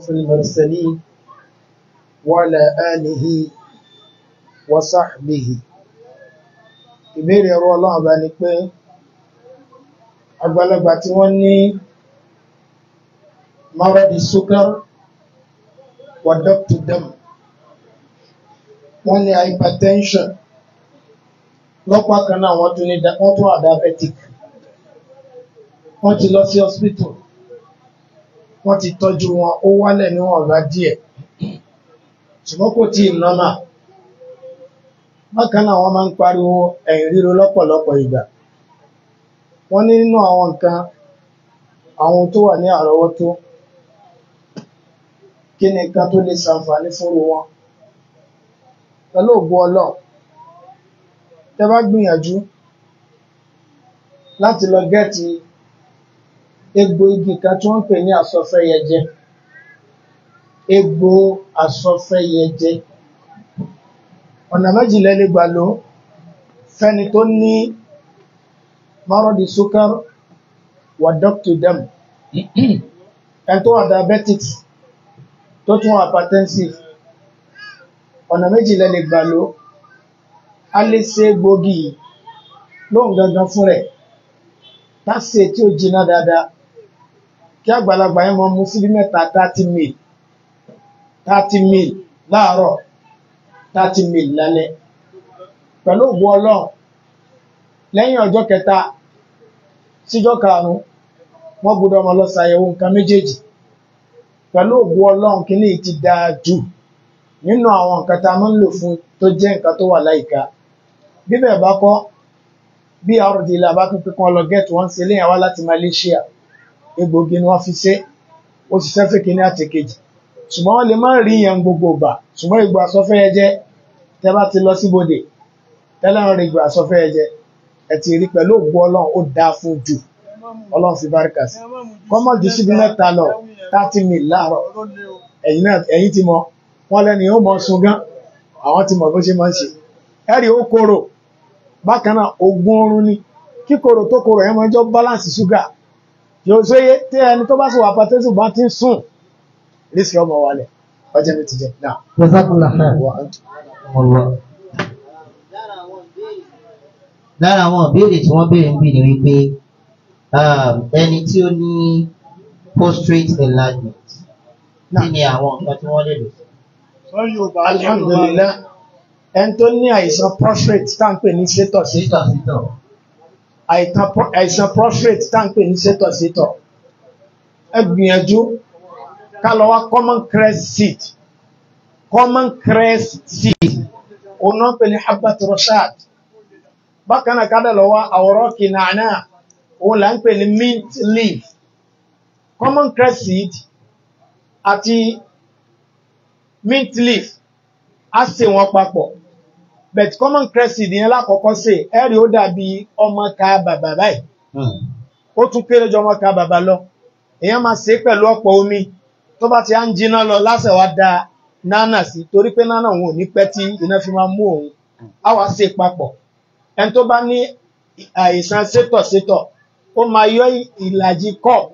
في المرسلين وعلى آله وصحبه ìbéèrè ẹ̀rọ ọlọ́run bá ní pé àgbàlagbà tí wọ́n ní maradi sukar wà dọ́kítù dẹ́mù wọ́n ní hypertension lọ́pàá kan náà wọ́n tún ní wọ́n wọ́n ti lọ sí hospital wọ́n ti tọ́jú wọn ó wálẹ̀ níwọ̀n bá díẹ̀ ṣùgbọ́n kò tí ì nọ́mà bákan náà wọ́n máa ń pariwo ẹ̀yìn ríro lọ́pọ̀lọpọ̀ ìgbà wọ́n ní nínú àwọn nǹkan àwọn tó wà ní àrọ́wọ́tó kí ni nǹkan tó lè ṣàǹfààní fúnru wọn pẹ̀lú ògbó ọlọ́ tẹ́ bá gbìyànjú láti lọ gẹ́ẹ̀tì egbò igi kan tí wọ́n ń pè ní àsọfẹ́yẹjẹ egbò àsọfẹ́yẹjẹ ọ̀nà méjìlẹ́ lè gbà ló fẹ́ni tó ní márọ́dì sukar wà dọ́kítù dam ẹni tó wà diabetics tó tún wà hypertensive ọ̀nà méjìlẹ́ lè gbà ló a lè ṣe egbògi lóhun gangan fún rẹ̀ tá ṣe tí ó jiná dáadáa kí àgbàlagbà yẹn mọ mu síbi mẹ́ta thirty mil thirty mil láàárọ̀ thirty mil lálẹ́ pẹ̀lú ògbó ọlọ́run lẹ́yìn ọjọ́ kẹta síjọ́ karùn-ún wọ́n gbọ́dọ̀ ọmọ lọ ṣàyẹ̀wò nǹkan méjèèjì pẹ̀lú ògbó ọlọ́run kí ní ti dáa jù nínú àwọn nǹkan tá a máa ń lò fún tó jẹ́ nǹkan tó wà láìka bíbẹ̀ bá kọ́ bí rd la bá tún pípọ́n lọ get one sílé yẹn wá láti Malaysia egbògi ni wọ́n fi ṣe ó ti fẹ́ fèkì ní ṣùgbọ́n lè má rí yẹn gbogbo ìgbà ṣùgbọ́n ìgbà sọfẹ́ yẹn jẹ́ tẹ́ bá ti lọ síbodè tẹ́lẹ̀rìn rí ìgbà sọfẹ́ yẹn jẹ́ ti rí pẹ̀lú ògbó ọlọ́run ó jù ọlọ́run fi sí kọ́mọ̀ jù síbi mẹ́ta lọ thirty mil láàárọ̀ ẹ̀yìn ti mọ wọ́n lẹ́nu yóò mọ sun àwọn ti mọ̀ bó ṣe ń ṣe ó yóò sóye tí ẹni tó bá sì wà pàtẹ́sù bá ti ń sùn rísì ọmọ wálẹ̀ ọjọ́ mi ti jẹ náà. lára àwọn ìbéèrè tí wọ́n béèrè ń bì ní wípé um, ẹni tí ó ní prostrate enlargement kí ni àwọn nǹkan tí wọ́n lè lò. wọ́n yóò bá alhamdulilayi ẹni tó ní àìsàn prostrate tá à ń pè ní sétọ̀ sétọ̀ sétọ̀ àìsàn prostrate táǹpé ní sétọ̀sétọ̀ ẹ gbìyànjú ká lọ wá common crest seed common crest seed òun náà pè ní habbat rashad bákan náà ká dẹ̀ lọ wá àwòrán kìnnàánà òun là ń pè ní mint leaf common crest seed àti mint leaf á sè wọn papọ̀ but common crescent yẹn lákọ̀ọ́kọ́ sè ẹ̀rí ó dàbí ọmọ ká bàbà báyìí hmm. ó tún kéré jọ ọmọ ká bàbà lọ èèyàn máa ṣe pẹ̀lú ọ̀pọ̀ omi tó bá ti á ń jiná lọ lásẹ̀ wá da nánà sí torí pé nánà òun ò ní pẹ́ tí iná fi máa mú òun á wá ṣe papọ̀ ẹni tó bá ní àìsàn sétọ̀sétọ̀ ó máa yọ ìlàjì cup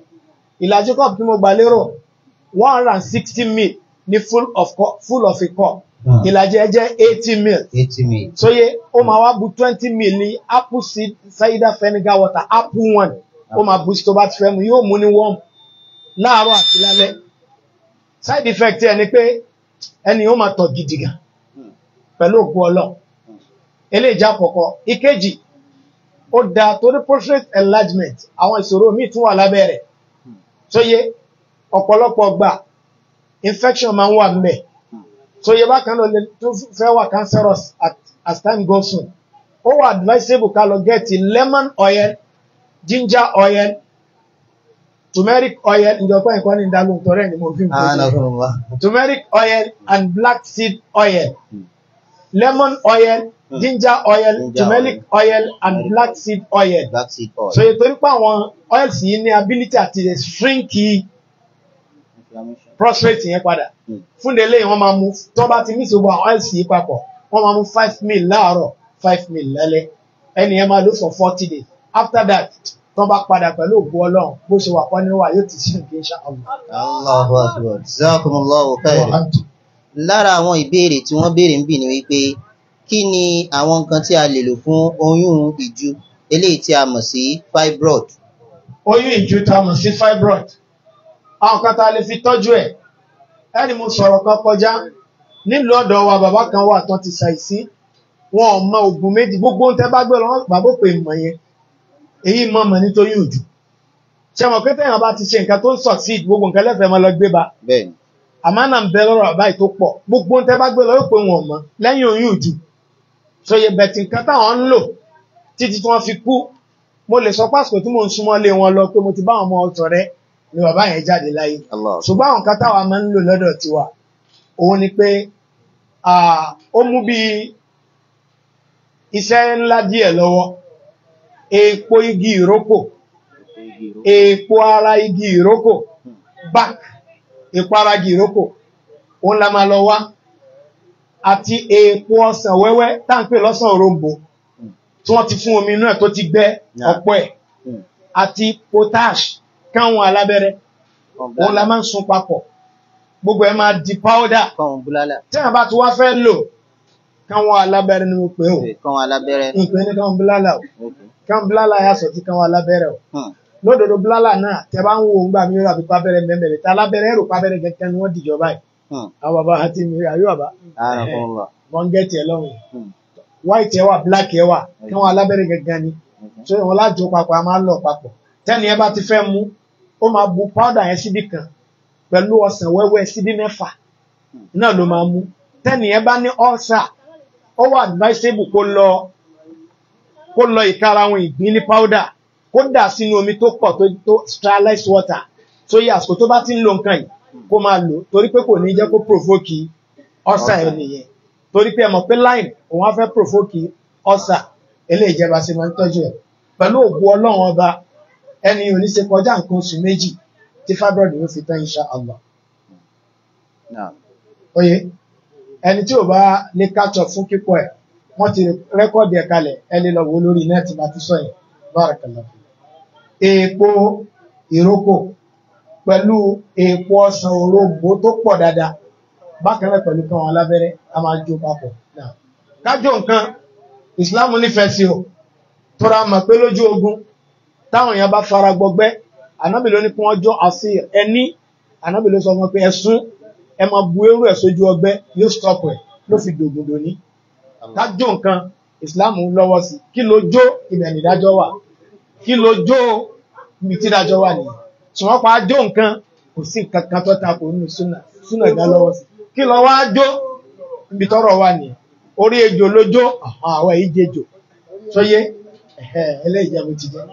ìlàjì cup tí mo gbà lérò one hundred and sixty mil ní full of a cup Ah. ìlàjì ẹ eighty mil sóye ó máa wá bu twenty mil ní apple seed cider vinegar water apple one ó máa bu tó bá mu yóò mú ní warm láàárọ̀ àti lálẹ́ side effect ẹ ni pé ẹni ó máa tọ̀ gidi gan pẹ̀lú òkú ọlọ́ọ̀ eléyìí já ìkejì ó da torí prostate enlargement àwọn ìṣòro míì tún wà lábẹ́ rẹ̀ sóye ọ̀pọ̀lọpọ̀ gbà infection máa ń wà mẹ́ẹ̀ so yẹ bákan lọ lè tó fẹ́ wà cancerous as time goes on ó wà advisable ká lọ gẹ́ẹ̀tì lemon oil ginger oil turmeric oil ìjọba ẹ̀kọ́ ní ìdálóhùn tọ́rẹ́ ni mo fi ń kọ́ ah, turmeric oil and black seed oil lemon oil hmm. ginger oil turmeric oil and black seed oil so ètò nípa àwọn oils yìí ní ability àti shrink inflammation prostrate yẹn padà hmm. fún délé wọ́n máa mú tó bá ti mix gbogbo àwọn ẹ̀sì yìí papọ̀ wọ́n máa mú five mil láàárọ̀ five mil lálẹ́ ẹni yẹn máa lò for forty days after that tó bá padà pẹ̀lú ògbó ọlọ́run bó ṣe wà pọ́n níwà yóò ti sínú kí n ṣá ọmọ. Allahu akbar jazakumullahu khairan lára àwọn ìbéèrè tí wọ́n béèrè ń bì ní wípé kí ni àwọn nǹkan tí a lè lò fún oyún ìju eléyìí tí a mọ̀ sí fibroid. oyún ìju tá a mọ̀ sí fibroid àwọn kan tá lè fi tọ́jú ẹ̀ ẹni mo sọ̀rọ̀ kan kọjá nílùú ọ̀dọ̀ wa bàbá kan wà tán ti ṣàìsí wọn ò mọ ògùn méjì gbogbo ń tẹ́ bá gbé lọ́wọ́ bàbá pé mọ̀ yẹn èyí mọ̀ mọ̀ nítorí òjò ṣe mọ̀ pé tẹ̀yàn bá ti ṣe nǹkan tó ń succeed gbogbo nǹkan lẹ́fẹ̀ẹ́ máa lọ gbé ba àmọ́ náà ń bẹ lọ́rọ̀ bàbá yìí tó pọ̀ gbogbo ń tẹ́ bá gbé lọ́wọ́ pé wọn mọ̀ lẹ́yìn oyún òjò sọyẹ bẹ̀tì nǹkan táwọn ń lò títí tí wọ́n fi kú mo lè sọ pásítọ̀ tí mo ń súnmọ́ lé wọn lọ pé mo ti bá àwọn ọmọ ọ̀tọ̀ rẹ̀ ni bàbá yẹn jáde láyé ṣùgbọ́n àwọn kan táwa máa ń lò lọ́dọ̀ tiwa òun ni pé ó mú bí iṣẹ́ ńlá díẹ̀ lọ́wọ́ èèpo igi ìrókò èèpo ara igi ìrókò back èèpo ara igi ìrókò òun la máa lọ wá àti èèpo ọsàn wẹ́wẹ́ tá ń pè lọ́sàn òrombó tí wọ́n ti fún omi náà tó ti gbẹ ọ̀pọ̀ ẹ̀ mm. àti potash káwọn alábẹ́rẹ́ òun la máa ń sun papọ̀ gbogbo ẹ máa di powder tí wọn bá ti wá fẹ́ lò káwọn alábẹ́rẹ́ ni mo pè ó ìpè ní káwọn búlálà ó káwọn búlálà yàtọ̀ sí káwọn alábẹ́rẹ́ ó hmm. lódodo búlálà náà tẹ bá ń wo òun gbà mí rà bí pábẹ́rẹ́ mẹ́mẹ́rẹ́ tá alábẹ́rẹ́ rò pábẹ́rẹ́ gẹ́gẹ́ ni wọ́n dìjọ báyìí hmm. àwọn bàbá àti mi rà yóò bá wọn gẹ́tì ẹ lọ́rùn hmm. white ẹ wà black ẹ wà káwọn alábẹ́rẹ́ gẹ́gẹ́ ni so wọn lájọ papọ̀ a máa ń papọ̀ tẹ́ni ẹ bá ti fẹ́ mu ó máa bu powder yẹn síbì kan pẹ̀lú ọsàn wẹ́wẹ́ síbí mẹ́fà náà ló máa mu tẹ́ni ẹ bá ní ulcer ó wà advisable kó lọ kó lọ ìkara àwọn ìgbín ní powder kó dà sínú omi tó pọ̀ tó tó sterilize water tó yẹ àsìkò tó bá ti ń lo nǹkan yìí kó máa lò torí pé kò ní jẹ́ kó provoke ulcer ẹ̀ nìyẹn torí pé ẹ mọ̀ pé lime òun á fẹ́ provoke ulcer eléyìí jẹba sí máa ń tọ́jú ẹ̀ pẹ̀lú òògùn ọlọ́run ọba ẹni ò ní ṣe kọjá nǹkan oṣù méjì tí fibroid yóò fi tán insha Allah. oye ẹni tí ò bá lè kájọ fún kíkọ ẹ wọ́n ti rẹ́kọ̀dì ẹ̀ kalẹ̀ ẹ lè lọ wo lórí nẹ́ẹ̀tì bá ti sọ yẹn bárakàlá. èèpo ìrókò pẹ̀lú èèpo ọsàn orógbó tó pọ̀ dáadáa bákan náà pẹ̀lú kan alábẹ́rẹ́ a máa jó papọ̀ kájọ nǹkan ìsìláàmù nífẹ̀ẹ́ sí o tọ́ra mọ̀ pé lójú ogun táwọn èèyàn bá fara gbọgbẹ́ ànábì ló ní kí wọ́n jọ àfi ẹni ànábì ló sọ wọn pé ẹ̀sùn ẹ máa bu eérú ẹ̀ sójú ọgbẹ́ yóò stop ẹ̀ ló fi dògùn dòní dájò nǹkan Islam lọ́wọ́ sí kí ló jó ibẹ̀ nídájọ́ wà kí ló jó ibi tí dájọ́ wà nìyí ṣùgbọ́n pa jó nǹkan kò sí nǹkan kan tó ta kò nínú súnà súnà ìdá lọ́wọ́ sí kí lọ wá jó ibi wà nìyí orí ejò ló jó àwọn èyí jejò sóyé ẹlẹ́yìí jẹ́ ti jẹ́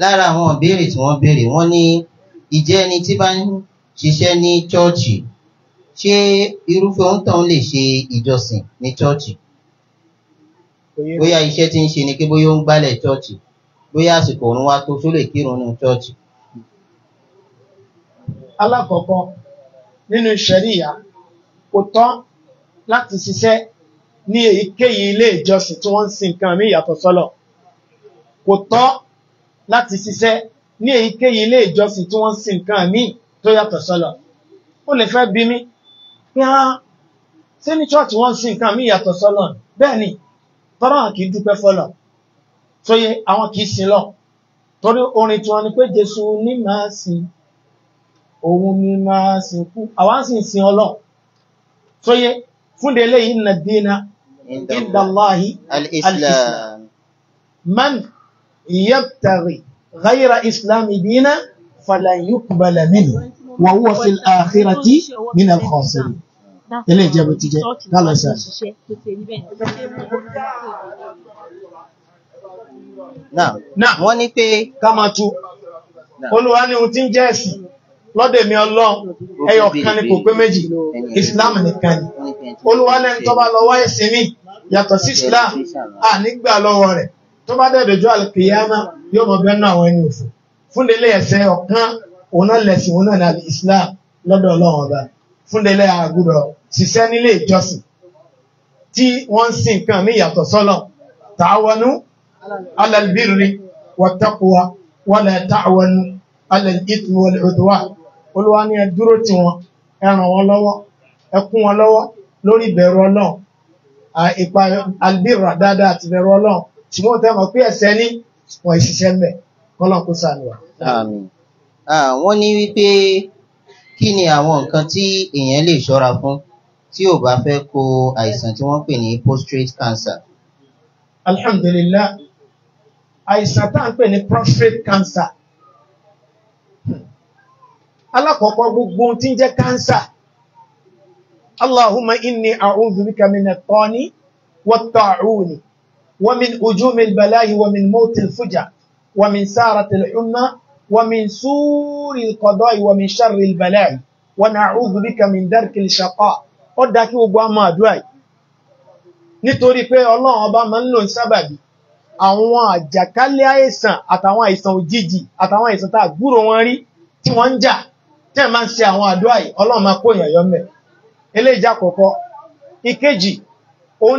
lára àwọn ìbéèrè tí wọ́n béèrè wọ́n ní ìjẹ́ ẹni tí bá ń ṣiṣẹ́ ní chọ́ọ̀chì ṣé irúfẹ́ òǹtàn lè ṣe ìjọsìn ní chọ́ọ̀chì bóyá iṣẹ́ tí ń ṣe ni pé bóyá ó ń gbálẹ̀ chọ́ọ̀chì bóyá àsìkò òun wá tó sólè kírun nínú chọ́ọ̀chì. alákọ̀ọ́kọ́ nínú ṣẹ̀ríyà kò tọ́ láti ṣiṣẹ́ ní èyíkéyìí ilé ìjọsìn tí wọ́n ń sin nǹkan mí yàtọ̀ sọ́lọ̀ kò tọ́ láti ṣiṣẹ́ ní èyíkéyìí ilé ìjọsìn tí wọ́n sin nǹkan mí tó yàtọ̀ sọ́lọ̀ ó lè fẹ́ bí mi pé á ah, ṣé ní chọ́ọ̀tì wọ́n sin nǹkan mí yàtọ̀ sọ́lọ̀ bẹ́ẹ̀ ni tọ́rọ̀ kì í dúpẹ́ fọlọ̀ tóye àwọn kì í sin lọ torí orin tí wọ́n ní pé Jésù ní máa sin òun ni máa sin kú àwa sì ń sin ọlọ́ tóye fúnde eléyìí nà dínà ìdàláhì al-Islam man يبتغي غير إسلام دينا فلن يقبل منه وهو في الآخرة من الخاسرين ilé ìjẹun ti jẹ lálọ ìṣe. náà wọ́n ní pé ká máa tú olúwa ní ohun tí ń jẹ́ ẹ̀sìn lọ́dọ̀ èmi ọlọ́run ẹyọ kan ni kò pé méjì islam nìkan ni olúwa lẹ́ni tó bá lọ mi yàtọ̀ sí islam à nígbà lọ́wọ́ rẹ̀ tó bá dẹ̀ dọjọ́ alkiyama yóò mọ bẹ́ẹ̀ náà àwọn ẹni òfò fúndélé ẹsẹ̀ ọ̀kan òun náà lẹ̀sìn òun náà ní Islam lọ́dọ̀ ọlọ́run ọba fúndélé àgùrọ̀ ṣiṣẹ́ nílé ìjọsìn tí wọ́n ń sin nǹkan mí yàtọ̀ sọ́lọ̀ ta'awanu alal birri wattaqwa wala ta'awanu alal ithmi wal udwan olúwa ní ẹ dúró tì wọ́n ẹ ràn wọ́n lọ́wọ́ ẹ kún wọn lọ́wọ́ lórí ìbẹ̀rù ọlọ́run ìpa albirra dáadáa àti ìbẹ̀rù ọlọ́run tí wọ́n tẹ́ mọ̀ pé ẹ̀ṣẹ̀ ní wọ́n ìṣiṣẹ́ mẹ́ kọ́lọ́n kó sànù wa. wọ́n ní wípé kí ni àwọn nǹkan tí èèyàn lè ṣọ́ra fún tí ò bá fẹ́ kó àìsàn tí wọ́n pè ní prostate cancer. alhamdulillah àìsàn tá à ń pè ní prostate cancer alákọ̀ọ́kọ́ gbogbo tí ń jẹ́ cancer Allahumma inni a'udhu bika min at-tani wat-ta'uni ومن هجوم البلاء ومن موت الفجع ومن سارة الحمى ومن سور القضاء ومن شر البلاء ونعوذ بك من درك الشقاء ó dá kí gbogbo àmọ́ àdúrà yìí nítorí pé ọlọ́run ọba máa ń lò ní sábàbí àwọn àjàkálẹ̀ àìsàn àtàwọn àìsàn òjijì àtàwọn àìsàn tá àgbúrò wọn rí tí wọ́n ń jà tẹ́ máa ń ṣe àwọn àdúrà yìí ọlọ́run máa kó èèyàn yọ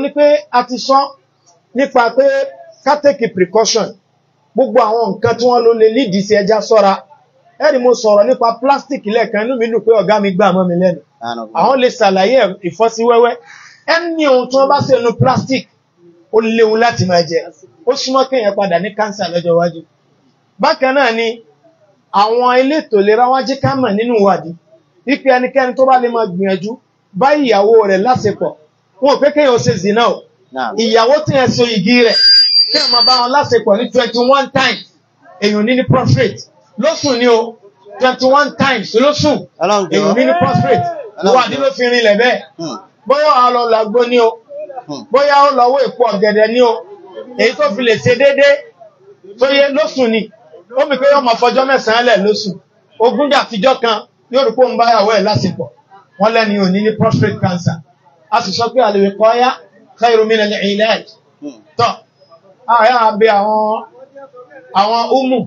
mẹ́ nípa pé ká take precaution gbogbo àwọn nǹkan tí wọ́n ló lè lídìí sí ẹja sọ́ra ẹ̀rí mo sọ̀rọ̀ nípa plastic lẹ́ẹ̀kan inú mi dùn pé ọ̀gá mi gbà mọ́ mi lẹ́nu àwọn lè ṣàlàyé ìfọ́síwẹ́wẹ́ ẹni ohun tí wọ́n bá ṣe nu plastic ó léwu láti máa jẹ ó súnmọ́ kéèyàn padà ní cancer lọ́jọ́ iwájú bákan náà ni àwọn elétò ìlera wọ́n jẹ́ ká mọ̀ nínú ìwádìí wípé ẹnikẹ́ni tó bá lè máa gbìyànjú bá ìyàwó rẹ̀ láṣepọ̀ wọn ò pé kéèyàn ó ṣe zina o ìyàwó tí yẹn so igi rẹ̀ kí ẹ̀ máa bá wọn lásìkò ní twenty one times èèyàn ní ní prostrate lóṣù ni o twenty one times lóṣù èèyàn ní ní prostrate wọ́n àdí ló fi rinlẹ̀ bẹ́ẹ̀ hmm. bóyá ó lọ làgbo ni o hmm. bóyá ó lọ wó èpo ọ̀gẹ̀dẹ̀ ni o èyí tó fi lè ṣe déédéé tó yẹ lóṣù ni ó mi pé yóò máa fọjọ́ mẹ́sàn-án lẹ̀ lóṣù ogúnjẹ àfijọ́ kan yóò rí pé òun bá yàwó ẹ̀ lásìkò wọ́n lẹ́ni òní ní prostrate cancer a sì sọ pé àlèkọ́ خير من al-ilaj tọ́ يا àbẹ àwọn àwọn umu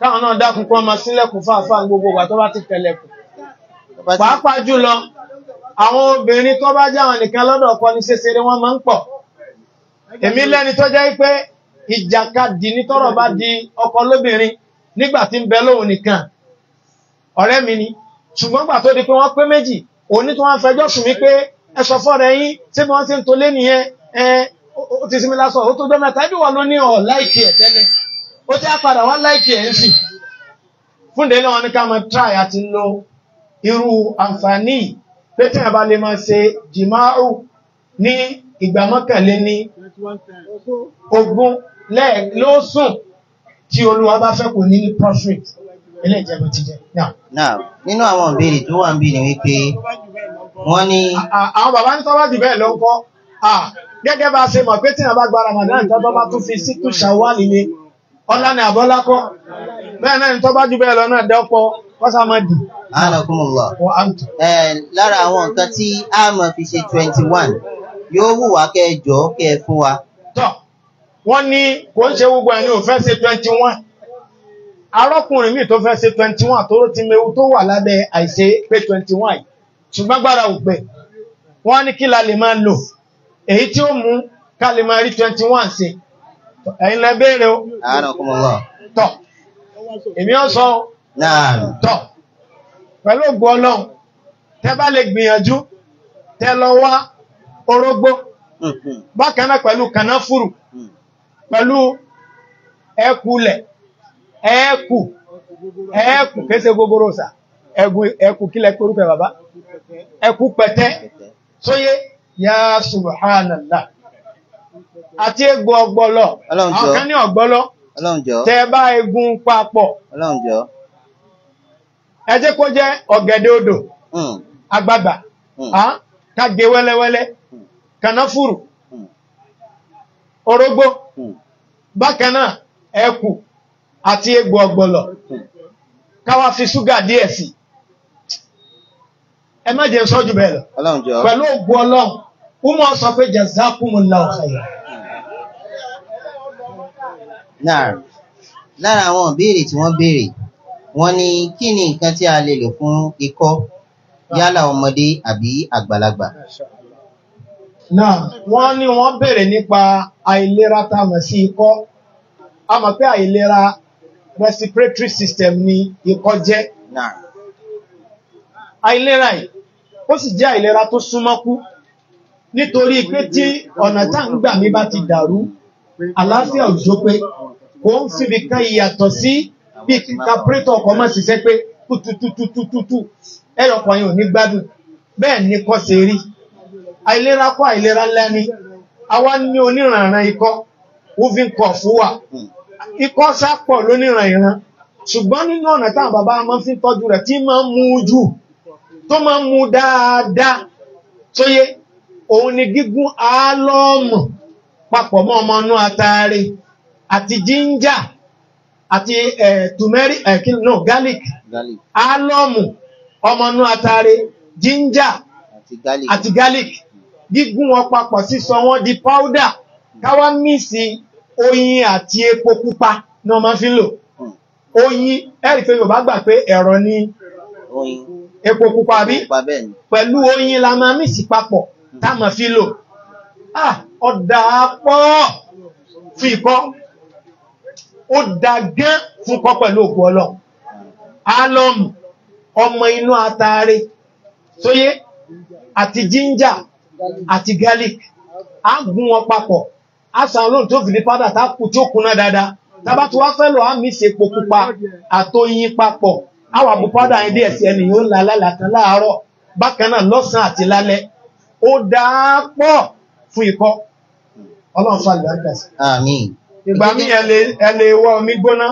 káwọn náà dákun kọ́ máa sílẹ̀kùn fàáfàá gbogbo ìgbà tó bá ti tẹ̀lẹ̀kùn pàápàá jùlọ àwọn obìnrin tó bá jáwọn nìkan lọ́dọ̀ ọkọ ní ṣeṣe ni wọ́n máa ń pọ̀ èmi lẹ́ni tó jẹ́ pé ìjàkadì ní tọ́rọ̀ bá di ọkọ lóbìnrin nígbà tí ń bẹ lóhun nìkan ọ̀rẹ́ mi ni ṣùgbọ́n gbà tó di pé wọ́n pé méjì òní tó wọ́n fẹjọ́ sùn mí pé ẹ̀ṣọ̀ fọ́rẹ̀ yín tí wọ́n ti ń to lé nìyẹn ó ti sinmi lásán ó tó dọ́ mẹ́ta ẹbí wà ló ní ọ̀ láìkì ẹ̀ tẹ́lẹ̀ ó ti á padà láìkì ẹ̀ ń sì fún délé wọn ní ká máa try àti lo irú àǹfààní pé tí ẹ̀bá lè máa ṣe jìmáàrù ní ìgbà mọ́kànlé ní ogún lóòsùn tí olúwa bá fẹ́ kò ní ní profit ilé ìjẹ̀bù ti jẹ́ náà nínú àwọn ìbéèrè tó wà ń bí ni wípé wọ́n ní. àwọn bàbá ní tọ́lá ti bẹ́ẹ̀ ló ń kọ́ gẹ́gẹ́ bá a ṣe mọ̀ pé tí wọ́n bá gba Ramadan tó bá tún fi sítú Ṣawwal nílé ọlá ni àbọ́lá kọ́ bẹ́ẹ̀ náà ni tọ́ bá jù bẹ́ẹ̀ lọ náà dẹ́pọ̀ kọ́sàmọ́dì. alakumullah lára àwọn nǹkan tí a máa fi ṣe twenty one yóò wù wá kẹ́ jọ kẹ́ fún wa. tọ́ wọ́n ní kò ń ṣe gbogbo ẹni ò fẹ́ ṣe twenty one arọ́kùnrin mi tó fẹ́ ṣe twenty one tó ti mewu tó wà lábẹ́ àìṣe pé twenty one yìí ṣùgbọ́n gbára ògbẹ̀ wọ́n ní kí la lè máa lò èyí tí ó mú ká lè máa rí 21 ṣe ẹ̀yin lẹ béèrè o tọ̀ èmi ò sọ tọ̀ pẹ̀lú ògbó ọlọ́run tẹ bá lè gbìyànjú tẹ lọ wá orógbó mm-hmm. bákan náà pẹ̀lú kànáfùrù mm. pẹ̀lú ẹkùlẹ̀ ẹkù ẹkù kése ẹkú pẹ̀tẹ́ sóyé yá subhanallah àti egbò ọgbọlọ. àwọn kan ní ọgbọlọ tẹ bá egun papọ̀ ẹ kó jẹ ọ̀gẹ̀dẹ̀ odò agbada, hmm. hmm. ah, ká gé wẹ́lẹ́wẹ́lẹ́ hmm. kànáfùrù bákan náà ẹkù àti egbò fi ṣúgà sí ẹ má jẹ́ sọ́jú bẹ́ẹ̀ lọ pẹ̀lú ògbó ọlọ́run ó mọ̀ sọ pé jazakumullahu khairan. lára àwọn ìbéèrè tí wọ́n béèrè wọ́n ní kí ni nǹkan tí a lè lò fún ikọ́ yálà ọmọdé àbí àgbàlagbà. náà wọ́n ní wọ́n béèrè nípa àìlera tá a mọ̀ sí ikọ́ a mọ̀ pé àìlera respiratory system ni ikọ́ jẹ́. àìlera yìí ó sì jẹ́ àìlera tó súnmọ́kú nítorí pé tí ọ̀nà tá ń ti dàrú àlàáfíà òjò pé kò ń fìbí kan ìyàtọ̀ sí bí kàpírẹ́tọ̀ ọkọ̀ mọ̀ ṣiṣẹ́ pé tútútútútútú ẹ̀rọ kan ò ní gbádùn bẹ́ẹ̀ ni kọ́ ṣe rí àìlera kọ́ àìlera ńlá ni àwa ní oníranran ikọ́ kọ̀ fún wa ikọ́ sápọ̀ lóníran ìran ṣùgbọ́n nínú ọ̀nà táwọn bàbá máa fi tọ́jú rẹ̀ tí máa ń tó máa mú dáadáa tó yé òun ni gígún álọ́ọ̀mù papọ̀ mọ́ ọmọ inú ataare àti jíńjà àti tùmẹ́rì no garlic álọ́ọ̀mù ọmọ inú ataare jíńjà àti garlic gígún wọn papọ̀ sísọ wọn di powder káwá mísì oyin àti epo pupa ni wọ́n máa fi ń lò hmm. oyin ẹ̀rí pé Yorùbá gbà pé ẹ̀rọ ni epo pupa bí pẹ̀lú oyin la máa mìsì papọ̀ hmm. tá máa fi lò ah, ọ̀dà pọ̀ fún ikọ́ ó da gán fún kọ́ pẹ̀lú òkú ọlọ́run álọ́mù ọmọ inú ataare sóyé àti jíńjà àti garlic a gún wọn papọ̀ a sàn lóòrùn tó fi ní padà tá kù tí ó kúnná dáadáa tábà tó wá fẹ́ lọ epo pupa àtoyin papọ̀ àwọn àbùpádà ẹdí ẹ̀sì ẹni yóò la lálàkan láàárọ̀ bákan náà lọ́sàn àti lálẹ́ ó dáa pọ̀ fún ikọ́ ọlọ́run fún àlùbáríkà sí. àmín. ìgbà míì ẹ lè wọ omi gbóná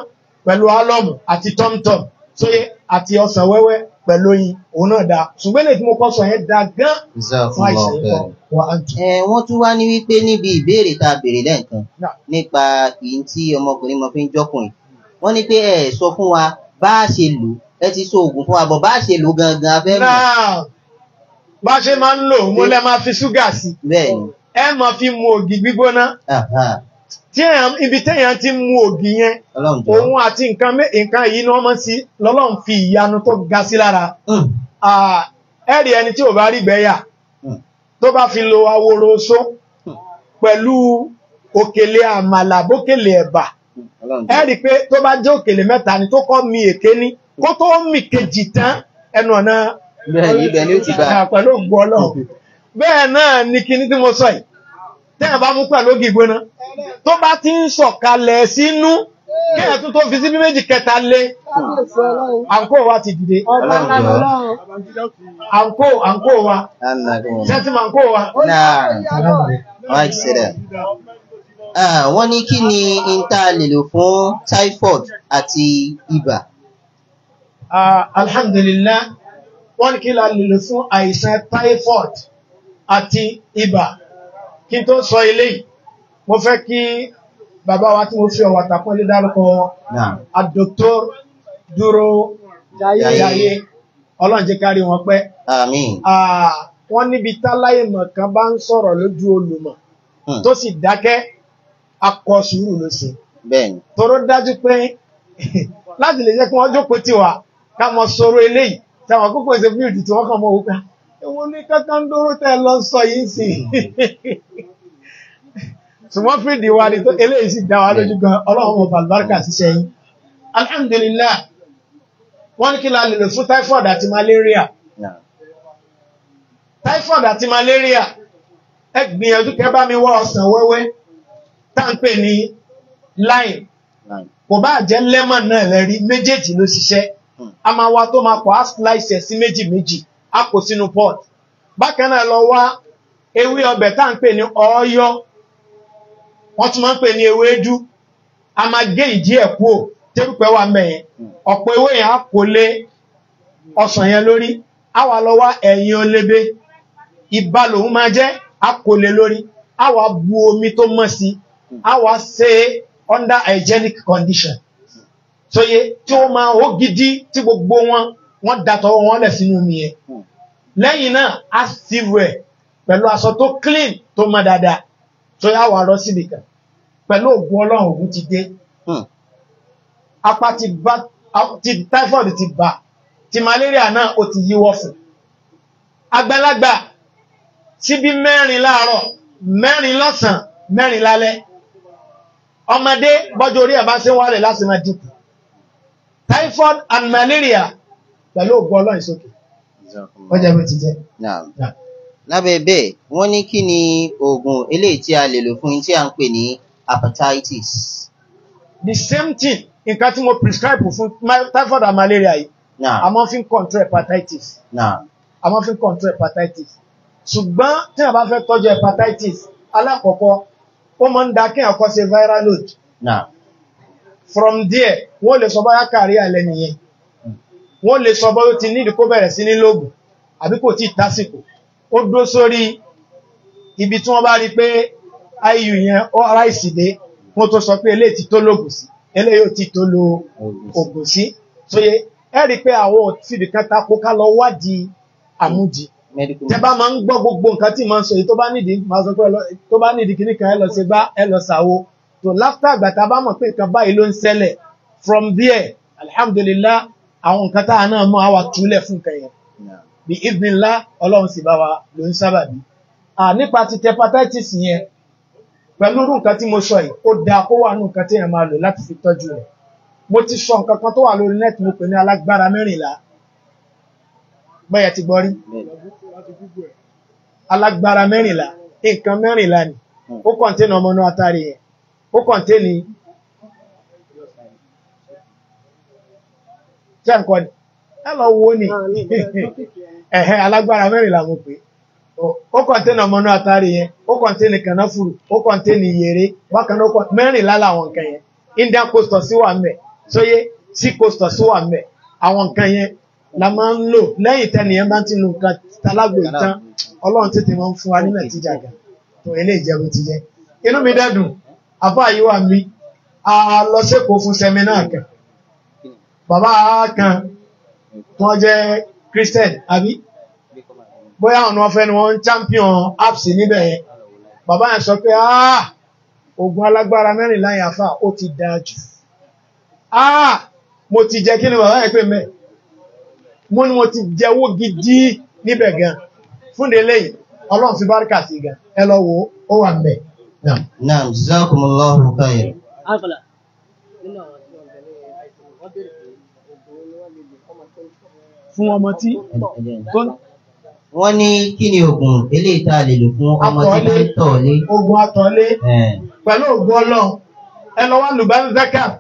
pẹ̀lú álọ́mù àti tọ́mtọ́m tó yẹ àti ọsàn wẹ́wẹ́ pẹ̀lú oyin òun náà dáa ṣùgbọ́n èlé tí mo kọ́ sọ yẹn dáa gan fún àìsàn ikọ̀ wà á jù. wọ́n tún wá ní wípé níbi ìbéèrè tá a béèrè lẹ́ǹkan nípa ìyìn tí ọmọkùnrin mọ fi ń jọ́kùnrin wọ́n ní pé ẹ sọ fún wa bá a ṣe lò ó ẹ ti so oògùn fún wa bọ̀ bá a ṣe lò gangan fẹ́ mọ̀. bá a ṣe máa ń lò mo lẹ máa fi ṣúgà sí ẹ máa fi mu ògì gbígbóná ibi téèyàn ti mu ògì yẹn òun àti nǹkan nǹkan yìí ni wọ́n máa ń sí lọ́lọ́run fi ìyanu tó ga sí lára hmm. ẹ rí ẹni tí ò bá rí gbẹ́yà hmm. tó bá fi lo aworo oṣó hmm. pẹ̀lú òkèlè àmàlà bókèlè ẹ̀bà ẹ rí pé tó bá jẹ́ òkèlè mẹ́ta ni tó kọ́ mi èké ní kó tó mì kejì tán ẹnu ọ̀nà ibẹ̀ ni ó ti bá pẹ̀lú ògbó ọlọ́run bẹ́ẹ̀ náà ni kinní tí mo sọ yìí tẹ́yìn bá mú pẹ̀lú ògì gbóná tó bá ti ń sọ̀kalẹ̀ sínú kéèyàn tún tó fi síbí méjì kẹta lé àǹkó wa ti dìde àǹkó wa sẹ́tìmọ̀ àǹkó wa. Ah, wọ́n ní kí ni n ta lè lò fún typhoid àti ibà. Ah, alhamdulillah wọ́n kí la lè lò fún àìsàn typhoid àti ibà kí tó sọ ilé mo fẹ́ kí bàbá wa tí mo fi ọ̀wà tàkùn lè dárúkọ àdòktòr dúró jayé ọlọ́run jẹ́ kárí wọn pẹ́ ah, wọ́n níbi táláyé mọ̀kan bá ń sọ̀rọ̀ lójú olùmọ̀ hmm. tó sì dákẹ́ akọ sùúrù ló ṣe tọrọ dájú pé láti lè jẹ́ kí wọ́n jókòó tiwa káwọn sọ̀rọ̀ eléyìí táwọn kókò ìṣe fíìdì tí wọ́n kàn mọ́ òkúta èwo ní kankan dóró tẹ́ lọ sọ yìí sí ṣùgbọ́n fíìdì wa ni eléyìí sì dá wa lójú gan ọlọ́run ọba àlùbáríkà ṣiṣẹ́ yìí alhamdulillah wọ́n ní kí la lè lò fún typhoid àti malaria typhoid àti malaria ẹ gbìyànjú kẹ́ bá mi wá ọsàn wẹ́wẹ́ tá ń pè ní lime kò bá jẹ́ lemon náà lẹ́rí méjèèjì ló ṣiṣẹ́ a máa wá tó máa kọ́ á slice sí méjì méjì á kó sínú pot bákan náà lọ wá ewé ọbẹ̀ tá ń pè ní ọ̀ọ́yọ́ wọ́n tún máa ń pè ní ewédú a máa gé ìdí ẹ̀ kúò tẹ́rùpẹ́ wà mẹ́yẹn ọ̀pọ̀ ewé yẹn á kó lé ọsàn yẹn lórí á wà lọ wá ẹ̀yìn olébé ìbá lòun máa jẹ́ á kó lé lórí á wà bu omi tó mọ̀ sí á wà ṣe under hygienic condition sóye tí ó máa ó gidi tí gbogbo wọn wọ́n dàtọ̀ wọn lẹ̀ sínú omi yẹn hmm. lẹ́yìn náà á sì wẹ̀ pẹ̀lú aṣọ tó clean tó mọ́ dáadáa tó yá wà rọ́ síbi kan pẹ̀lú ògùn ọlọ́run ògùn ti dé hmm. apá ti bá ti typhoid ti bá ti malaria náà ó ti yíwọ́ fún àgbàlagbà síbí mẹ́rin láàárọ̀ mẹ́rin lọ́sàn mẹ́rin lálẹ́ ọmọdé bọ́jú orí ẹ̀ bá ṣe ń wálẹ̀ láti máa dínkù typhoid and malaria pẹ̀lú ògbọ́ ọlọ́run ìsókè ọjà bó ti jẹ́. lábẹ́ bẹ́ẹ̀ wọ́n ní kí ni oògùn eléyìí tí a lè lò fún tí a ń pè ní hepatitis. the same thing nǹkan tí mo prescribe fún typhoid and malaria yìí a máa fi control hepatitis a máa fi control hepatitis ṣùgbọ́n tí a bá fẹ́ tọ́jú hepatitis alákọ̀ọ́kọ́ ó máa ń da kí a kọ́ ṣe viral load. Nah from there wọ́n lè sọ bá yá kàrí àlẹ́ nìyẹn wọ́n lè sọ bọ́ ti nídìí kó bẹ̀rẹ̀ sí ní lóògùn àbí kò tí tásìkò ó dúró sórí ibi tí wọ́n bá rí pé iu yẹn ó ara ìsìdé wọ́n tó sọ pé eléyìí ti tó lóògùn sí eléyìí ò ti tó lo ògùn sí tó yẹ ẹ rí pé àwọn òfìdí kan tako ká lọ wádìí àmúdi tẹ bá máa ń gbọ́ gbogbo nǹkan tí màá sọ yìí tó bá nídìí kíníkan ẹ lọ ṣe bá ẹ lọ ṣàwo so láfíà àgbà tá a bá mọ̀ pé nǹkan báyìí ló ń ṣẹlẹ̀ from there alhamdulillah àwọn nǹkan tá a náà mọ̀ á wà túlẹ̀ fún nǹkan yẹn bí ìdínlá ọlọ́run sì bá wa ló ń sábàbí nípa ti hepatitis yẹn pẹ̀lú irú nǹkan tí mo sọ yìí ó da kó wà ní nǹkan tí èèyàn máa lò láti fi tọ́jú rẹ̀ mo ti sọ nǹkan kan tó wà lórí net mo pè ní alágbára mẹ́rìnlá bẹ́ẹ̀ ti gbọ́ rí alágbára mẹ́rìnlá nǹkan mẹ́rìnlá ni ó kọ̀ǹtẹ́nà ọmọ náà atari yẹn ó kọ̀ntẹ́ni ṣe nǹkan ni ẹlọ wo ni ah, ẹ̀hẹ́ alágbára mẹ́rìnlá mo pè ó yẹn ó kànáfùrù ó yèrè bákan náà nǹkan yẹn indian sí wà mẹ́ sí wà mẹ́ àwọn nǹkan yẹn la máa ń lò lẹ́yìn bá ti nǹkan ọlọ́run tètè máa ń fún wa tó ti àfáà yìí wà mí a lọ sẹ́kọ̀ọ́ fún sẹ́mínà kan bàbá kan wọ́n jẹ́ Christian àbí bóyá ọ̀nà ọ̀fẹ́ ni wọ́n champion apps níbẹ̀ yẹn bàbá yẹn sọ pé ah oògùn alágbára mẹ́rìnlá yẹn àfà ó ti dáa jù ah mo ti jẹ kí ni bàbá yẹn pè mẹ́ mo ni mo ti jẹwó gidi níbẹ̀ gan fúndélẹ́yìn ọlọ́run fi bárkà sí gan ẹ lọ wò ó wà mẹ́ẹ̀. Naam, jazakumullahu khairan. Fún ọmọ tí wọ́n ní kí ni oògùn eléyìí tá a lè lò fún ọmọ tí wọ́n ń tọ̀lé. Oògùn àtọ̀lé pẹ̀lú oògùn ọlọ́run ẹ lọ wá Luban Zakar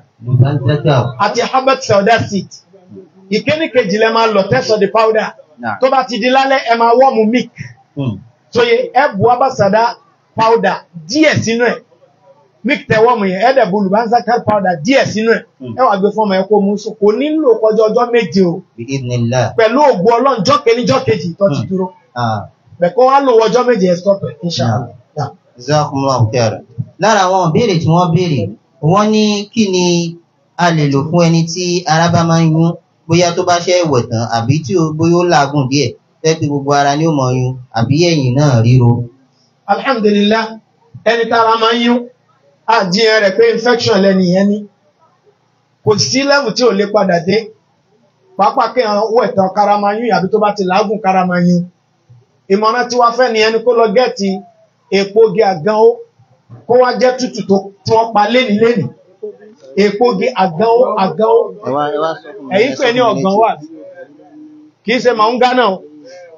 àti Herbert Sauda seed ìkíní kejì lẹ máa lọ tẹ́sọ̀ di powder tó bá ti di lálẹ́ ẹ máa wọ́ọ̀mù milk tóye hmm. ẹ bu abasada powder díẹ̀ sínú ẹ̀ milk tẹwọ́mù yẹn ẹ̀dẹ̀ bolu bá ń powder díẹ̀ sínú ẹ̀ hmm. ẹ wá gbé fọ́ọ̀mù ẹ̀ kó mú so kò nílò kọjá ọjọ́ méje o pẹ̀lú ògbó ọlọ́run jọ́ kẹ́ni jọ́ kejì tó ti hmm. dúró ah. bẹ̀kọ́ wá lò ọjọ́ méje ẹ̀ stop ẹ̀ inshallah. Hmm. jazakumullahu khairan lára àwọn ìbéèrè tí wọ́n béèrè wọ́n ní ni a lè lò fún ẹni tí ara bá máa ń yún bóyá tó bá ṣe ìwẹ̀ àbí tí bóyá ó làágùn díẹ̀ fẹ́ pé gbogbo ara ni ó mọ̀ yún àbí ẹ̀yìn náà ríro alhamdulillah ẹni tára máa ń yún àjíyàn rẹ̀ pé infection lẹ́ni yẹn ní kò sí lẹ́wù tí ò lè padà dé pápá kí àwọn owó ẹ̀tàn karamayún àbí tó bá ti làágùn karamayún ìmọ̀ràn tí wá fẹ́ ni ẹni kó lọ gẹ́ẹ̀tì èpo gi àgánwó kó wá jẹ́ tútù tó tún ọpa léni léni èpo gi àgánwó ẹ̀yìn pẹ̀ ní ọ̀gánwó kì í ṣe màúngá náà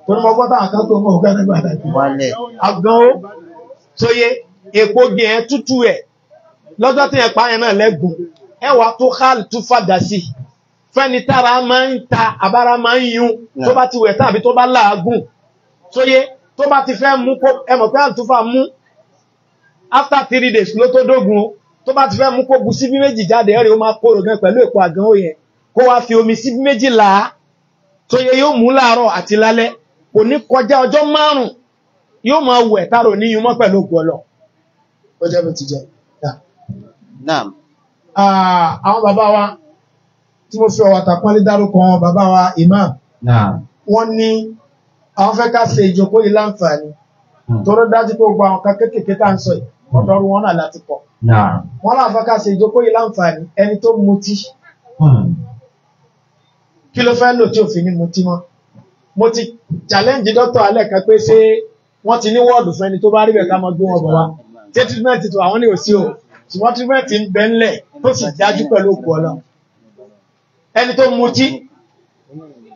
torí mo gbọ́ táwọn kan tó mọ̀ ọ̀gá nígbà tàbí. àgàn ó tóye èpo gbìn ẹ tútù ẹ lọ́jọ́ tí yẹn pa yẹn náà lẹ́gùn ẹ wàá tó hàl tó fàdà sí fẹ́ni tára máa ń ta àbára máa ń yún tó bá ti wẹ̀ tàbí tó bá làágùn tóye tó bá ti fẹ́ mú kó ẹ mọ̀ pé àlùtúfà mú after three days ló tó dógun o tó bá ti fẹ́ mú kó bu síbí méjì jáde ẹ̀rì ó máa kóró gan pẹ̀lú èpo àgàn ó yẹn kó wá fi omi síbí méjì là á tóye yóò mú láàárọ̀ àti lálẹ́ kò ní kọjá ọjọ́ márùn yóò máa wẹ̀ tààrò ní yúmọ́ pẹ̀lú ògùn ọlọ ọjọ́ bí ti jẹ́ àwọn bàbá wa tí mo fi ọwà tàpọ́nlé dárúkọ wọn bàbá wa imam wọ́n ní àwọn fẹ́ ká ṣe ìjókòó yìí láǹfààní hmm. tóró dájú pé gbogbo àwọn kan kéékèèké tá ń sọ yìí ọ̀dọ́rú wọn náà láti pọ̀ wọ́n láǹfà ká ṣe ìjókòó yìí láǹfààní ẹni tó mutí hmm. kí ló fẹ́ lò tí ò fi ní mutí mọ́ mo ti challenge dọ́tọ̀ alẹ́ kan pé ṣé wọ́n ti ní wọ́ọ̀dù fún ẹni tó bá rí bẹ̀ ká máa gbé wọn bọ̀ wá ṣé treatment tó àwọn ní òsí o ṣùgbọ́n treatment ń bẹ ńlẹ̀ tó sì dájú pẹ̀lú òkú ọ̀la ẹni tó mutí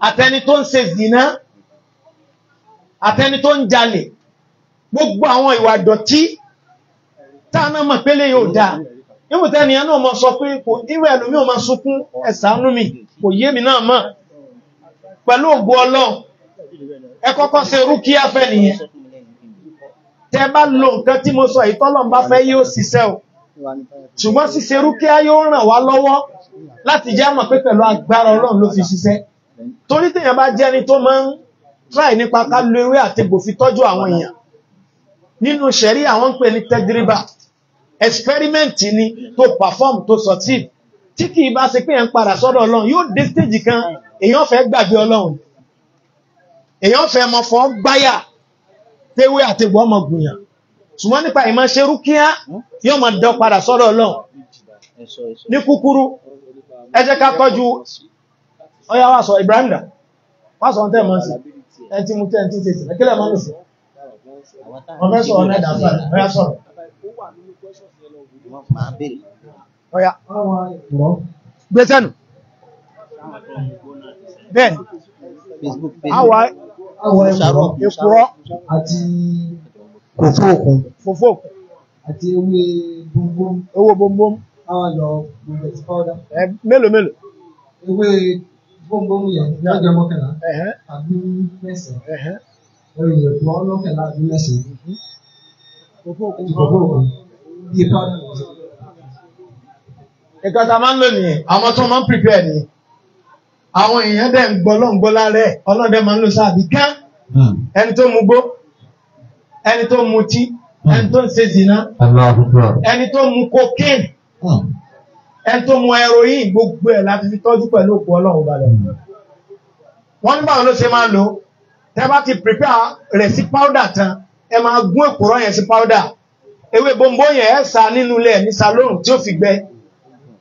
àtẹni tó ń ṣe zina àtẹni tó ń jalè gbogbo àwọn ìwà dọ̀tí táànà mọ̀ pélé yóò dáa nígbùtẹ́ ènìyàn náà mọ̀ sọ pé kò ìwẹ̀ ẹlòmí máa sunkún ẹ̀sánú mi kò yé mi náà mọ̀ pẹ̀lú ògbó ọlọ́run ẹ kọ́kọ́ ṣe rúkíá fẹ́ nìyẹn tẹ bá lo nǹkan tí mo sọ ìtọ́lọ́n bá fẹ́ yóò ṣiṣẹ́ o ṣùgbọ́n ṣíṣe rúkíá yóò ràn wá lọ́wọ́ láti jẹ́ àmọ̀ pé pẹ̀lú agbára ọlọ́run ló fi ṣiṣẹ́ torí tèèyàn bá jẹ́ ẹni tó máa ń tráì nípa ká lo ewé àtegbò fi tọ́jú àwọn èèyàn nínú ṣẹ̀rí àwọn ń pè ní tẹ́gíríbà experiment ni tó perform tó succeed tí kì í bá ṣe pé ẹ̀ ń padà sọ́dọ̀ ọlọ́run yóò dé stage kan èèyàn fẹ́ gbàgbé ọlọ́run èèyàn fẹ́ mọ fọ́ gbáyà téwé àtegbọ́ ọmọ gbìyàn ṣùgbọ́n nípa ìmọ̀ ṣe rúkíá yóò mọ̀ dán padà sọ́dọ̀ Ọlọ́run ní kúkúrú ẹ jẹ́ ká kọjú ọyá wà sọ Ibrahim dà wà sọ tẹ́ mọ́sí ẹn tí mú tẹ́ tí tẹ́ tẹ́ kílẹ̀ mọ́sí wọ́n fẹ́ sọ ọ̀nà ẹ̀dà sọ́rọ̀ ọ̀yá sọ̀rọ̀ ọ̀yá gbẹ́sẹ̀nù Facebook page àwọn ẹ̀rọ ìpúrọ́ àti kòfóòkun fòfóòkun àti ewé bombom ewé bombom àwọn lọ bullet powder ẹ mélòó mélòó ewé bombom yẹn lọ́jọ́ mọ́kànlá àbí mẹ́sàn-án ẹ̀rọ ìyẹ̀pọ̀ lọ́kànlá àbí mẹ́sàn-án mm-hmm. fòfóòkun fòfóòkun bíi powder. nǹkan tá a máa ń lò nìyẹn àwọn tó máa ń prepare nìyẹn àwọn èèyàn dẹ̀ ń gbọ́ lọ́ngbọ́ lára ẹ̀ ọlọ́dẹ máa ń lò sáàbí gán hmm. ẹni tó mu gbó ẹni tó mu tí hmm. ẹni tó ń ṣe zina ẹni tó mu cocaine hmm. ẹni tó mu heroin gbogbo ẹ̀ láti fi tọ́jú pẹ̀lú òkú ọlọ́run balẹ̀ wọ́n ní báwọn ló ṣe máa lò tẹ́ bá ti prepare rẹ̀ sí powder tán ẹ máa gún èkùrọ́ yẹn sí powder ewé bombo yẹn ẹ sá nínú ilẹ̀ ní salon tí ó fi gbẹ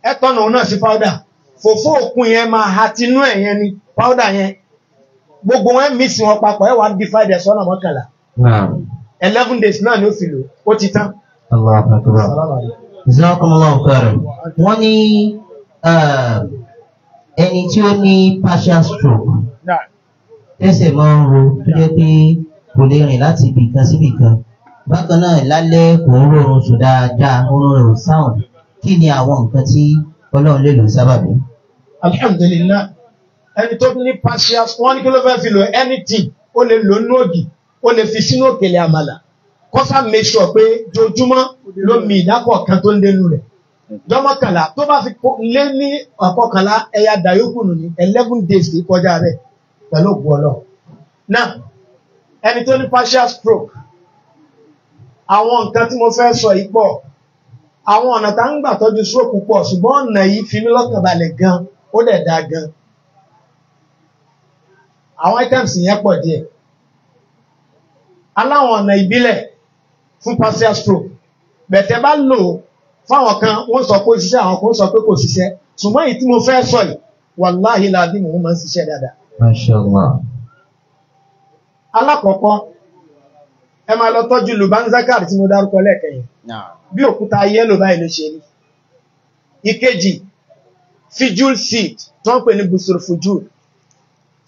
ẹ tọ́nà òun náà sí powder fòfó òkun yẹn máa ha tinú ẹ̀ yẹn ni powder yẹn gbogbo wọn mísì wọn papọ̀ ẹ̀ wà á divide ẹ̀ sọ́nà mọ́kànlá eleven days náà ni ó fi lò ó ti tán. Jazakumullahu khairan wọ́n ní ẹni tí ó ní partial stroke tẹ́sẹ̀ máa ń ro tó jẹ́ pé kò lè rìn láti ibì kan síbì kan bákan náà lálẹ́ kò ń rọrùn sùn dáadáa ó ń rọrùn sáwọn kí ni àwọn nǹkan tí ọlọ́run lè lò sábàbí. alhamdulillah ẹni tó ní partials wọ́n ní kí ló fẹ́ fi lo anything ó lè lo nóògì ó lè fi sínú òkèlè àmàlà kọ́sà make sure pé jojúmọ́ ló mi ìdápọ̀ kan tó ń dénú rẹ̀ jọmọkànlá tó bá fi lé ní ọ̀kọ̀kànlá ẹ̀yà dàyókù nù ní eleven days kì í kọjá rẹ̀ pẹ̀lú ògùn ọlọ́run. náà ẹni tó ní partial stroke àwọn nǹkan tí mo fẹ́ sọ yìí pọ̀ àwọn ọ̀nà tá ń gbà tọ́jú stroke pọ̀ ṣùgbọ́n ọ̀nà yìí fi mí lọ́kàn balẹ̀ gan ó dẹ̀ dáa gan àwọn items yẹn pọ̀ díẹ̀ aláwọn ọ̀nà ìbílẹ̀ fún partial stroke bẹ̀tẹ̀ bá lò fáwọn kan wọ́n sọ pé ó ṣiṣẹ́ àwọn kan sọ pé kò ṣiṣẹ́ ṣùgbọ́n èyí tí mo fẹ́ sọ yìí wàláhìí làbí mò ń máa ń ṣiṣẹ́ dáadáa. Masha Allah. alákọ̀ọ́kọ́ ẹ máa lọ tọ́jú lubanzakar tí mo dárúkọ lẹ́ẹ̀kẹyìn bí òkúta yẹ́lò báyìí ló ṣe rí ìkejì fijul seed tó ń pè ní busur fujul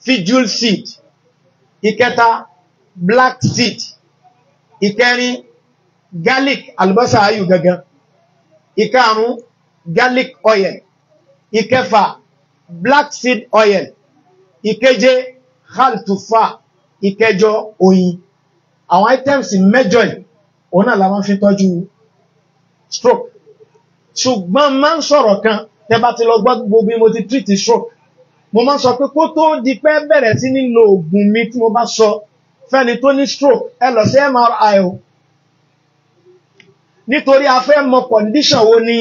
fijul seed ìkẹta black seed ìkẹrin garlic àlùbọ́sà ayù gangan ìkarùn garlic oil ìkẹfà black seed oil ìkeje khaltufa ìkẹjọ oyin àwọn items mẹ́jọ yìí òun náà la máa fi tọ́jú stroke ṣùgbọ́n máa ń sọ̀rọ̀ kan tẹ́ bá ti lọ gbọ́ gbogbo bí mo ti treat stroke mo máa ń sọ pé kó tó di pé bẹ̀rẹ̀ sí ní lo oògùn mi tí mo bá sọ fẹ́ni tó ní stroke ẹ lọ sí MRI o nítorí a fẹ́ mọ condition wo ni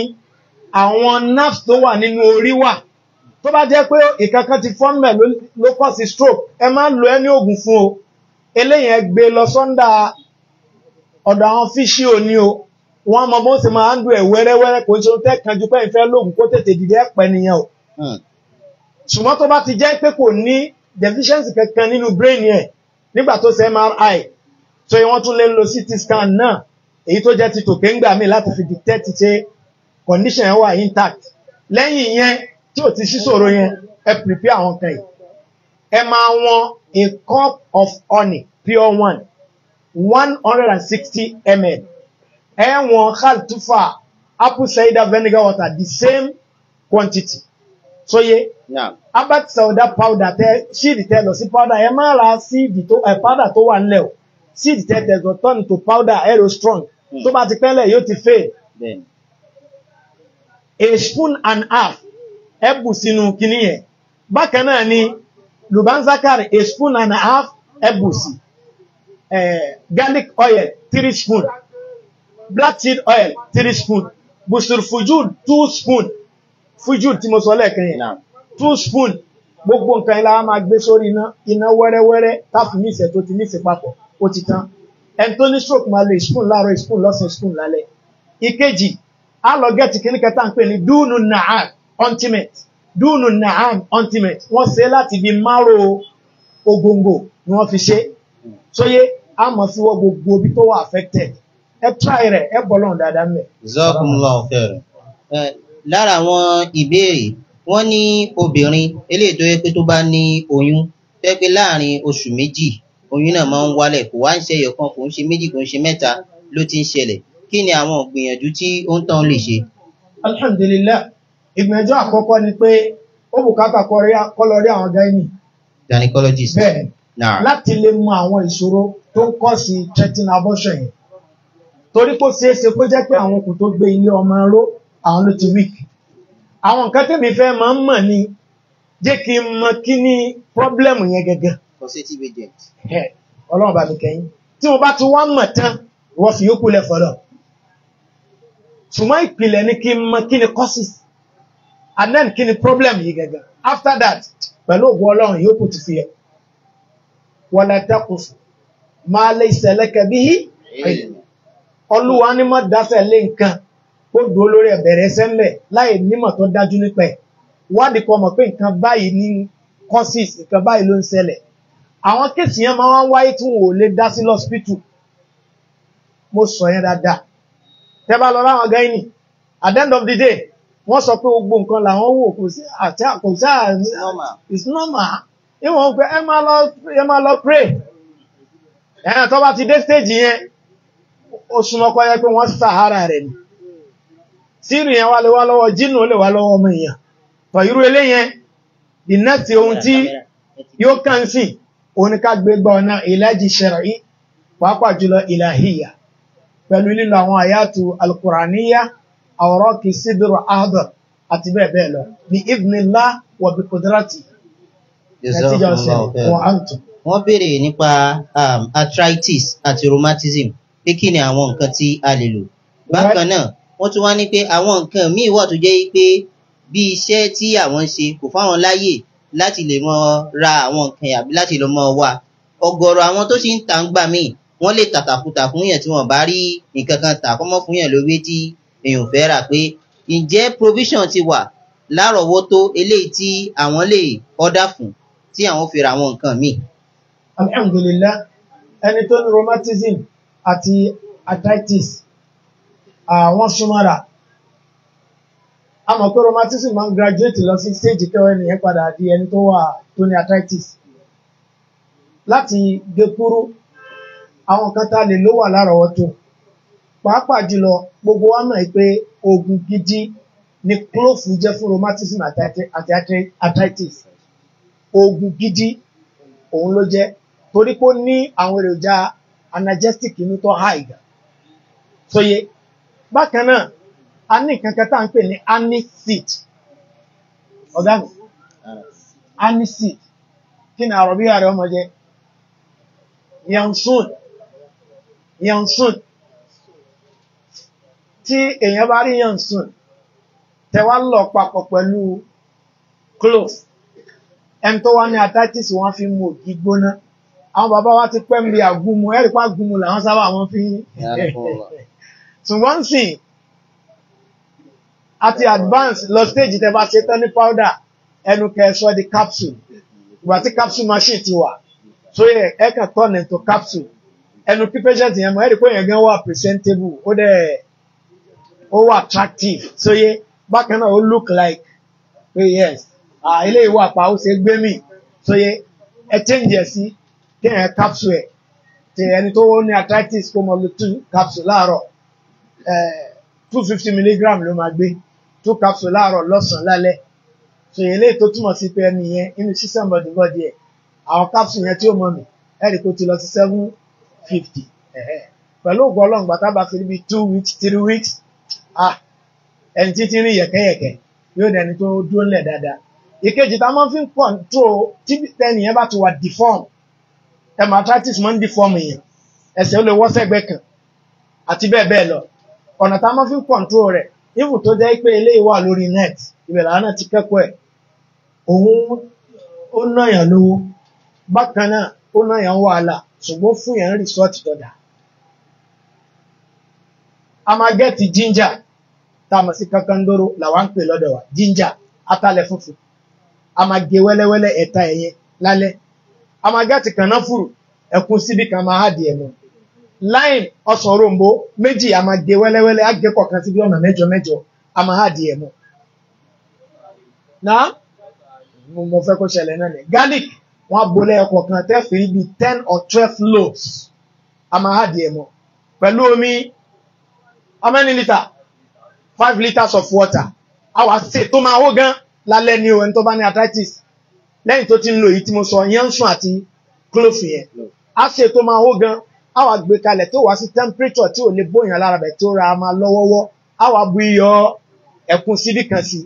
àwọn nerves tó wà nínú orí wà tó bá jẹ́ pé ìkankan ti fọ́nmẹ̀ ló kọ́ sí stroke ẹ máa ń lo ẹni oògùn fún o eléyẹn gbé lọ sọ́ndà ọ̀dọ̀ àwọn fíṣí òní o wọ́n mọ bó ṣe máa ń du ẹ̀ wẹ́rẹ́wẹ́rẹ́ kò ń ṣe tẹ́ kanjú pé ìfẹ́ lóògùn kó tètè dìde ẹ̀ pẹ́ nìyẹn o hmm. ṣùgbọ́n tó bá ti jẹ́ pé kò ní deficiency kankan nínú brain yẹn nígbà tó ṣe MRI tó yẹ wọ́n tún lè lo CT scan náà èyí tó jẹ́ ti tòkè ńgbà míì láti fi detect ṣe condition yẹn wà intact lẹ́yìn yẹn tí ò ti ṣíṣòro yẹn ẹ prepare àwọn kan yìí ẹ máa wọn a cup of honey pure one one hundred and sixty ml ẹ wọn khaltufa apple cider vinegar water the same quantity So sóye albert sauda powder tẹ ṣíìdì tẹ lọ sí powder ẹ máa ra ṣíìdì tó ẹ powder tó wà nílẹ̀ o ṣíìdì tẹ tẹ lọ turn to powder ẹ strong hmm. tó bá ti pẹ́lẹ̀ yóò ti fail a spoon and half ẹ bù sínú kinní yẹn bákan náà ni. Lubanza Zakari, a spoon and a half ebusi. Uh, eh, garlic oil, three spoon. Black seed oil, three spoon. Busur fujud, two spoon. Fujud tí mo sọ lẹ́ẹ̀kan yẹn náà. Two spoon. Gbogbo nǹkan ilá a máa gbé sórí iná, iná wẹ́rẹ́wẹ́rẹ́ táfi níṣẹ́ tó ti níṣẹ́ papọ̀, ó ti tán. Ẹni tó ní stroke máa lo spoon láàárọ̀, spoon lọ́sàn spoon lálẹ́. Ìkejì, a lọ gẹ́ẹ̀tì kìnnìkan tá à ń pè ní dúnù nàá, ultimate dúnù naam ultimate wọ́n ṣe láti bí márò ogóngò ni wọ́n fi ṣe sóyé a mọ̀ sí wọ́n gbogbo bí tó wà affected ẹ try rẹ̀ ẹ bọ́lọ̀ dáadáa mẹ́. Jazakumullahu khairan lára àwọn ìbéèrè wọ́n ní obìnrin eléyìí tó yẹ pé tó bá ní oyún fẹ́ pé láàrin oṣù méjì oyún náà máa ń wálẹ̀ kò wá ń ṣe ẹyọ kan kò ń ṣe méjì kò ń ṣe mẹ́ta ló ti ń ṣẹlẹ̀ kí ni àwọn ìgbìyànjú tí ó ń tán lè ṣe. alhamdulilayi ìgbẹ́jọ́ àkọ́kọ́ ni pé ó bùkátà kọlọrí àwọn gaini. gynecologist bẹ́ẹ̀ láti lè mọ àwọn ìṣòro tó ń kọ́ sí threatening abortion yẹn torí kó ṣeé ṣe kó jẹ́ pé àwọn okùn tó gbé ilé ọmọ ró àwọn ló ti weak àwọn nǹkan tèmi fẹ́ máa ń mọ̀ ni jẹ́ kí n mọ kí ní problem yẹn gẹ́gẹ́. positive agent. ọlọ́run bá mi kẹ́yìn tí mo bá ti wá mọ̀ tán wọ́n fi yókù lẹ̀ fọ́dọ̀ ṣùgbọ́n ìpìlẹ̀ ni kí n mọ kí ni causes and then kini problem yìí gẹ́gẹ́ after that pẹ̀lú ògbó ọlọ́run yóò kù ti fi yẹ wọlé tẹkùsù máa lè ìṣẹ̀lẹ̀kẹ̀ bí ọlúwa ní mọ́ dáfẹ́ lé nǹkan kó dúró lórí ẹ̀bẹ̀rẹ̀ sẹ́mbẹ̀ láì nímọ̀ tó dájú nípa ẹ̀ wádìí kọ mọ̀ pé nǹkan báyìí ní causes nǹkan báyìí ló ń ṣẹlẹ̀ àwọn kéèsì yẹn máa ń wáyé tí wọn ò lè dá sí lọ́sípítù mo sọ yẹn dáadáa tẹ́ bá lọ láwọn gáínì at the end of the day wọ́n sọ pé gbogbo nǹkan làwọn wò kò sí àti àkùnṣà it's normal ìwọ̀n pé ẹ máa lọ pray ẹ̀yàn tó bá ti dé stage yẹn ó súnmọ́ yẹ pé wọ́n sàárà rẹ̀ ni sírù yẹn wà lè wá lọ́wọ́ jínú lè wá lọ́wọ́ ọmọ èèyàn tọ̀ irú eléyẹn the next ohun tí yóò kàn sí oníkàgbégbà ọ̀nà ìlàjì ṣẹ̀rẹ̀ pàápàá jùlọ ìlàhíyà pẹ̀lú lílo àwọn àyàtù alkùránìyà àwòrán kì í sídìrò ahadar àti bẹ́ẹ̀ bẹ́ẹ̀ lọ ní ibnilá wà bí kòdírátì nẹ́tíjà ọ̀sẹ̀ wọ́n á tún. wọ́n béèrè nípa um, arthritis àti rheumatism pé kí ni àwọn nǹkan tí a lè lò bákan náà wọ́n tún wá ní pé àwọn nǹkan míì wà tó jẹ́ pé bí iṣẹ́ tí àwọn ń ṣe kò fáwọn láyè láti lè mọ ra àwọn nǹkan àbí láti lè mọ wà ọ̀gọ̀rọ̀ àwọn tó sì ń tà ń gbà míì wọ́n lè tàtàkùtà fún yẹn tí wọ́n bá rí nǹkan kan tà kọ́mọ́ fún yẹn lórí tí èèyàn fẹ́ rà pé ǹjẹ́ provision ti wà lárọ̀ọ́wọ́tó eléyìí tí àwọn lè ọ́dà fún tí àwọn fi ra àwọn nǹkan míì. alhamdulillah ẹni tó ní rheumatism àti arthritis àwọn súnmọ́ra a mọ̀ pé rheumatism máa ń graduate lọ sí stage kẹwàá ènìyàn padà di ẹni tó wà tó ní arthritis láti gé kúrú àwọn kan tá a lè ló lárọ̀ọ́wọ́tó. pàápàá jùlọ gbogbo wa mọ̀ pé gidi ni clove jẹ́ fún rheumatism àti arthritis oògùn gidi òun ló jẹ́ torí pé ó ní àwọn èròjà analgesic inú tó hàìgà sóye bákan náà a ní nǹkan kan tá à ń pè ní aniseed ọ̀gá anisit aniseed kí ni àròbí ààrẹ ọmọ jẹ yansun yansun tí èèyàn bá rí yàn sùn tẹwà lọ papọ̀ pẹ̀lú clove ẹni tó wá ní arthritis wọ́n fi mu ògì gbóná àwọn bàbá wa ti pẹ́ mi àgúnmu ẹ̀rí pa làwọn sábà wọ́n fi ṣùgbọ́n sìn àti advance lọ stage tẹ bá ṣe tán powder ẹnu kẹsọ́ di capsule ìgbà tí capsule machine ti wà so yẹ ẹ kàn turn into capsule ẹnu kí patient yẹn mọ ẹ̀rí pé yẹn gan wà presentable ó dẹ̀ ó wà attractive sóyé bákan náà ó look like pé yes eléyìí wà pa ó ṣe gbé mì sóyé ẹ change ẹ sí kéèyàn capsule ẹ ti ẹni tó ní arthritis kó mọ lu two capsule láàárọ̀ two fifty milligram ló máa gbé two capsule láàárọ̀ lọ́sàn-án lálẹ́ so eléyìí tó túmọ̀ sí pé ẹni yẹn inú system body body ẹ̀ àwọn capsule yẹn tí ó mọ mi ẹ̀rì kó ti lọ sí seven fifty pẹ̀lú ògbọ́n ọlọ́ngbà tá a bá fi níbi two weeks three weeks ẹni tí ti rí yẹ̀kẹ́yẹ̀kẹ́ yóò dẹni tó dúró ńlẹ̀ dáadáa ìkejì tá a máa fi ń kọ̀ǹtró tí tẹ́nì bá ti wà deform hematitis máa ń deform yẹn ẹsẹ̀ ó lè wọ́ sẹ́gbẹ́ kan àti bẹ́ẹ̀ bẹ́ẹ̀ lọ ọ̀nà tá a máa fi ń kọ̀ǹtró rẹ̀ ìfù tó jẹ́ pé eléyìí wà lórí net ìbẹ̀rẹ̀ àánà ti kẹ́kọ̀ọ́ ẹ̀ òun ó náyàn lówó bákan náà ó náyàn wàhálà ṣùgbọ́n fún yẹn rìsọ́ọ̀tì tó dáa a máa gẹ́ẹ̀tì ginger tá a mọ̀ kankandoro làwa ń ginger atalẹ̀ funfun a máa gé enye ẹ̀ta ẹ̀yẹn a máa gáàtì kànáfùrù síbi kan máa hàdì ẹ̀nu lime ọsàn rombo méjì a máa gé wẹ́lẹ́wẹ́lẹ́ á síbi mo kó náà ni garlic kan ten or twelve loaves ama ha hàdì mu pẹ̀lú omi how many five liters of water àwa ṣe tó máa hó gan lálẹ́ ní o ẹni tó bá ní arthritis lẹ́yìn tó ti ń lo èyí tí mo sọ yansun àti clofin yẹn a ṣe tó máa hó gan àwa gbé kalẹ̀ tó wá sí temperature tí ò lè bóyàn lára bẹ̀ tó ra máa lọ́wọ́wọ́ àwa bu iyọ̀ ẹ̀kún síbí kan sí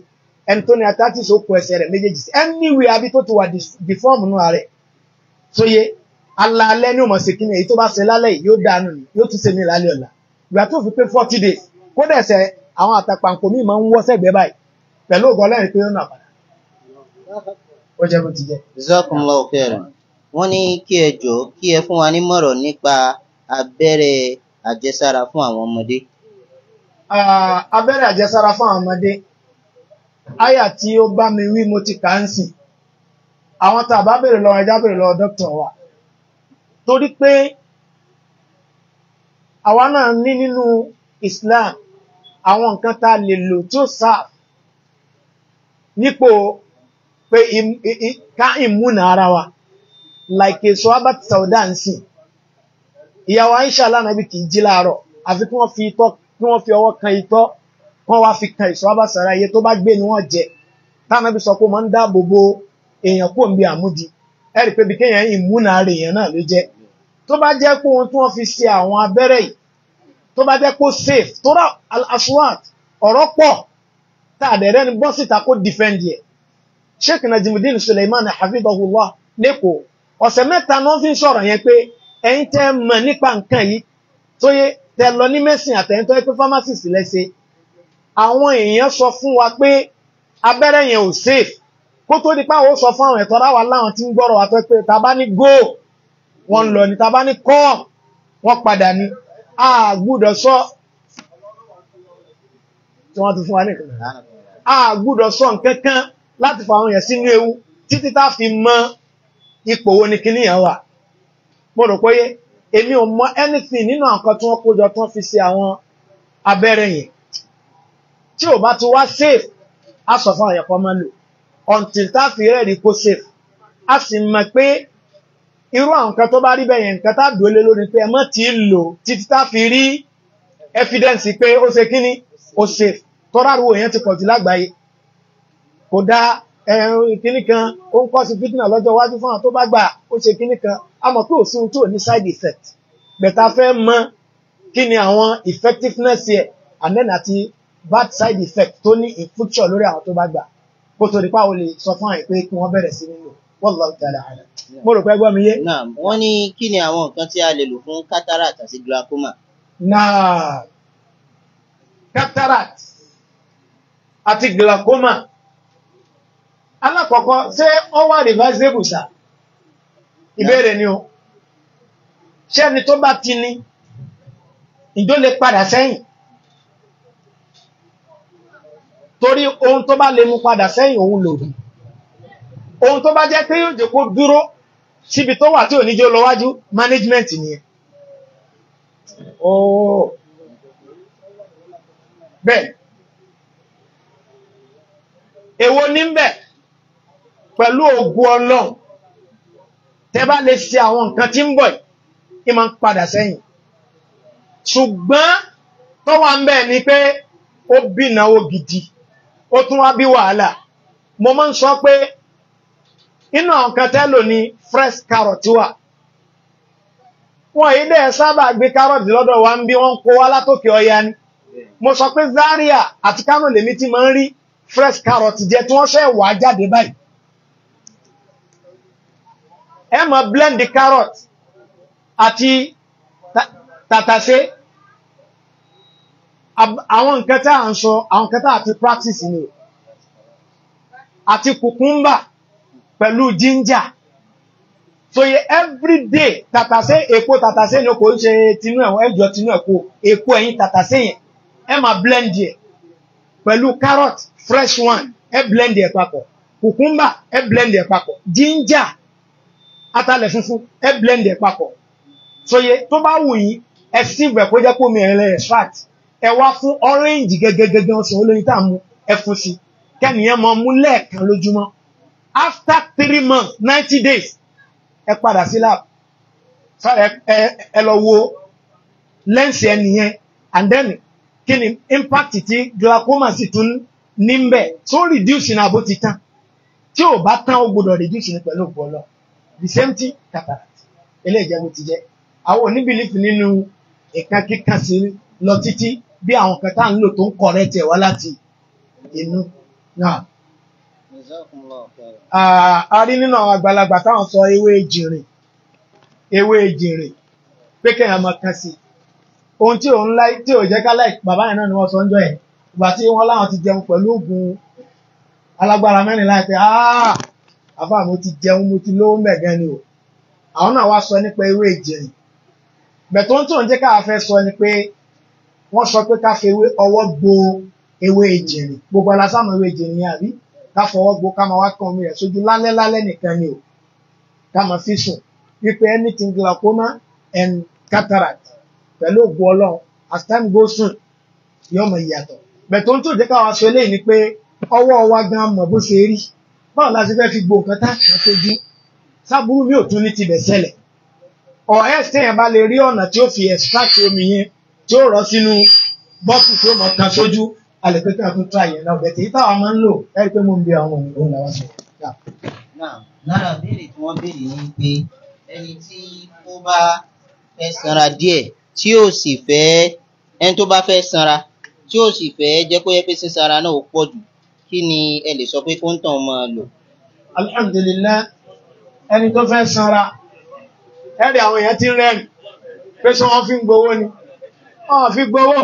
ẹni tó ní arthritis ó kó ẹsẹ̀ rẹ̀ méjèèjì sí anywhere àbí tó ti wà deform nù ààrẹ sóye alalẹ́ ní òmọ̀ sí kíni èyí tó bá ṣe lálẹ́ yìí yóò dànù yóò tún ṣe ní lálẹ́ ọ̀la ìgbà tó fi pé forty days kódà ẹsẹ̀ àwọn àtàpàǹkò míì máa ń wọ́ sẹ́gbẹ̀ẹ́ báyìí pẹ̀lú ògùn ọlọ́run pé ó nà padà ó jẹ́ bó ti jẹ́. Jazakumullahu khairan wọ́n ní kí ẹ jọ kí ẹ fún wa ní mọ̀rọ̀ nípa abẹ́rẹ́ àjẹsára fún àwọn ọmọdé. abẹ́rẹ́ àjẹsára fún àwọn ọmọdé àyà tí ó bá mi wí mo ti kà ń sìn àwọn tá a bá bèrè lọ ẹja bèrè lọ dókítà wa torí pé àwa náà ní nínú Islam àwọn nǹkan tá a lè lò tí ó nípò pé ká ìmúnà ara wa like èso albert sauda ń sìn ìyàwó aisha kì fi itọ́ kí fi kan itọ wọ́n wá fi kan èso albert iye tó bá gbé ni jẹ tánàbí sọ pé máa ń dáàbò bo èèyàn kò ń àmúdi ẹ rí i pé tó bá jẹ́ kó safe tó rà al-aswat ọ̀rọ̀ pọ̀ tá a dẹ̀rẹ́ ni bọ́ síta kó defend yẹ sheikh najimudin suleiman hafidahullah lẹ́kọ̀ọ́ ọ̀sẹ̀ mẹ́ta náà fi ń sọ̀rọ̀ yẹn pé ẹ̀yin tẹ́ mọ̀ nípa nǹkan yìí tó yẹ tẹ́ lọ ní mẹ́sìn àtẹ̀yìn tó yẹ pé pharmacist lẹ́sẹ̀ àwọn èèyàn sọ fún wa pé abẹ́rẹ́ yẹn ò safe kó tó di páwọn ó sọ fún àwọn ẹ̀tọ́ ráwa láwọn tí ń gbọ́rọ̀ wa tó pé ta bá ní go wọ́n lọ ni ta bá ní kọ́ wọ́n padà ni a gbúdọ̀ sọ tí wọ́n ti fún wa ní a gbúdọ̀ sọ nǹkan kan láti fa àwọn èèyàn sínú ewu títí tá fi mọ ipò wo ni kíní yẹn wà mo rò pé èmi ò mọ anything nínú nǹkan tí wọ́n kó jọ tí wọ́n fi ṣe àwọn abẹ́rẹ́ yẹn tí ò bá ti wá safe a sọ fún àwọn èèyàn kan máa lò until tá fi rẹ́ẹ̀rí kó safe a sì mọ̀ pé irú àwọn nǹkan tó bá rí bẹ́ẹ̀ yẹn nǹkan tá dúró lé lórí pé ẹ mọ́ ti lò títí tá fi rí evidence pé ó ṣe kíní ó ṣe tọ́ràrú èèyàn ti pọ̀jù lágbàáyé kò dá kíní kan ó ń kọ́ sí fitna lọ́jọ́ iwájú fún àwọn tó bá gbà ó ṣe kíní kan a mọ̀ pé òsùn tó ní side effect bẹ̀tà fẹ́ mọ̀ kí àwọn effectiveness yẹ and then àti bad side effect tó ní in future lórí àwọn tó bá gbà kó tó di lè sọ fún àyè pé kí wọ́n bẹ̀rẹ̀ sí nínú wallahu ta'ala alam mo rò pé gbọ́ mi yé. naam wọ́n ní kí ni àwọn nǹkan tí a lè lò fún cataract àti glaucoma. naa cataract àti glaucoma alákọ̀ọ́kọ́ ṣé ó wà reversible sa ìbéèrè ni o ṣẹ́ni tó bá ti ní ìjó lè padà sẹ́yìn torí ohun tó bá lè mú padà sẹ́yìn òun lòdì ohun tó bá jẹ́ pé yóò jẹ́ kó dúró síbi tó wà tí ò ní jó lọ́wájú management nìyẹn ooo bẹ́ẹ̀ èwo níbẹ̀ pẹ̀lú ògùn ọlọ́run tẹ́ bá lè ṣe àwọn nǹkan tí ń bọ̀ kí máa ń padà sẹ́yìn ṣùgbọ́n tó wà ń bẹ̀ ni pé ó bí gidi ó tún wá bí wàhálà mo máa ń sọ pé inú ọ̀kan tẹ́lò ni fresh carrot wà wọ́n yìí dẹ̀ sábà gbé carrot lọ́dọ̀ wa ń bí wọ́n kó wá látòkè ọya ni mo sọ pé Zaria àti Kano lèmi ti máa ń rí fresh carrot jẹ tí wọ́n ṣẹ̀ wá jáde báyìí ẹ mọ̀ blend the carrot àti tàtàṣé àwọn nǹkan tá à ń sọ àwọn nǹkan tá à ti practice ni àti cucumber pẹ̀lú ginger so ye everyday tàtàsé èpo tàtàsé ni kò ń ṣe tinú ẹ̀ ẹ̀jọ̀ tinu ẹ̀ kó èpo ẹ̀yìn tàtàsé yẹn ẹ máa blend yẹ pẹ̀lú carrot fresh one ẹ blend yẹ papọ̀ cucumber ẹ blend yẹ papọ̀ ginger atalẹ̀ funfun ẹ blend yẹ papọ̀ so ye tó bá wù yín ẹ sieve ẹ̀ kó jẹ́ kó mi ẹ̀ lẹ́ extract ẹ wá fún orange gẹ́gẹ́gẹ́gẹ́ ọ̀sán olóyin tá a mú ẹ fún si kẹ́niyẹn mọ́ mú lẹ́ẹ̀kan lójúmọ́ after three months ninety days ẹ padà sí lab ẹ lọ wo lẹ́ǹsì ẹ nìyẹn and then kí ni impact ti glaucoma sì tún ní bẹ́ẹ̀ tó reduce na abó ti tán tí ò bá tán ó gbọdọ̀ reduce ní pẹ̀lú ògbó lọ the same thing cataract eléyìí jẹ́ bó ti jẹ́ àwọn oníbìlífì nínú ìkan kíkan sí lọ títí bí àwọn kan tá à ń lò tó ń correct ẹ̀ wá láti inú náà a rí nínú àwọn àgbàlagbà táwọn sọ ewé jìnrìn ewé jìnrìn pé kéèyàn máa kan sí ohun tí òun láì tí ò jẹ́ ká láì bàbá yẹn náà ni wọ́n sọ ń jọ yẹn ìgbà tí wọ́n láwọn ti jẹun pẹ̀lú oògùn alágbára mẹ́rin láìpẹ́ àfa mo ti jẹun mo ti lówó mẹ́gàn ni o àwọn náà wá sọ nípa ewé jìnrìn bẹ̀tọ́ tó ń jẹ́ ká fẹ́ sọ ni pé wọ́n sọ pé ká fi ọwọ́ gbo ewé jìnrìn gbogbo alásámọ̀ ewé jìnrìn yẹn àbí ká fọwọ́ gbó ká máa wá kan omi rẹ̀ sójú lálẹ́ lálẹ́ nìkan ni o fi sùn wípé anything glaucoma and cataract pẹ̀lú ògbó ọlọ́run as time goes on yóò mọ̀ ìyàtọ̀ bẹ̀tọ̀ tó jẹ́ káwa sọ eléyìí ni pé ọwọ́ wa gan mọ̀ bó ṣe rí báwo la ṣe fẹ́ fi gbo nǹkan tá fi extract omi yẹn tí ó rọ sínú tí a lè pé kí wọ́n tún try yẹn náà bẹ̀tẹ̀ yìí táwọn máa ń lò ẹ rí i pé mo ń bí àwọn òun làwọn sọ. lára béèrè tí wọ́n béèrè yìí pé ẹni tí ó bá fẹ́ sanra díẹ̀ tí ó sì fẹ́ ẹni tó bá fẹ́ sanra tí ó sì fẹ́ jẹ́ kó yẹ pé sísanra náà ó pọ̀ jù kí ni ẹ lè sọ pé kóńtàn máa lò. alhamdulillah ẹni tó fẹ́ sanra ẹ̀rí àwọn èèyàn ti rẹ́rìn pé sọ wọ́n fi gbowó ni wọ́n fi gbowó.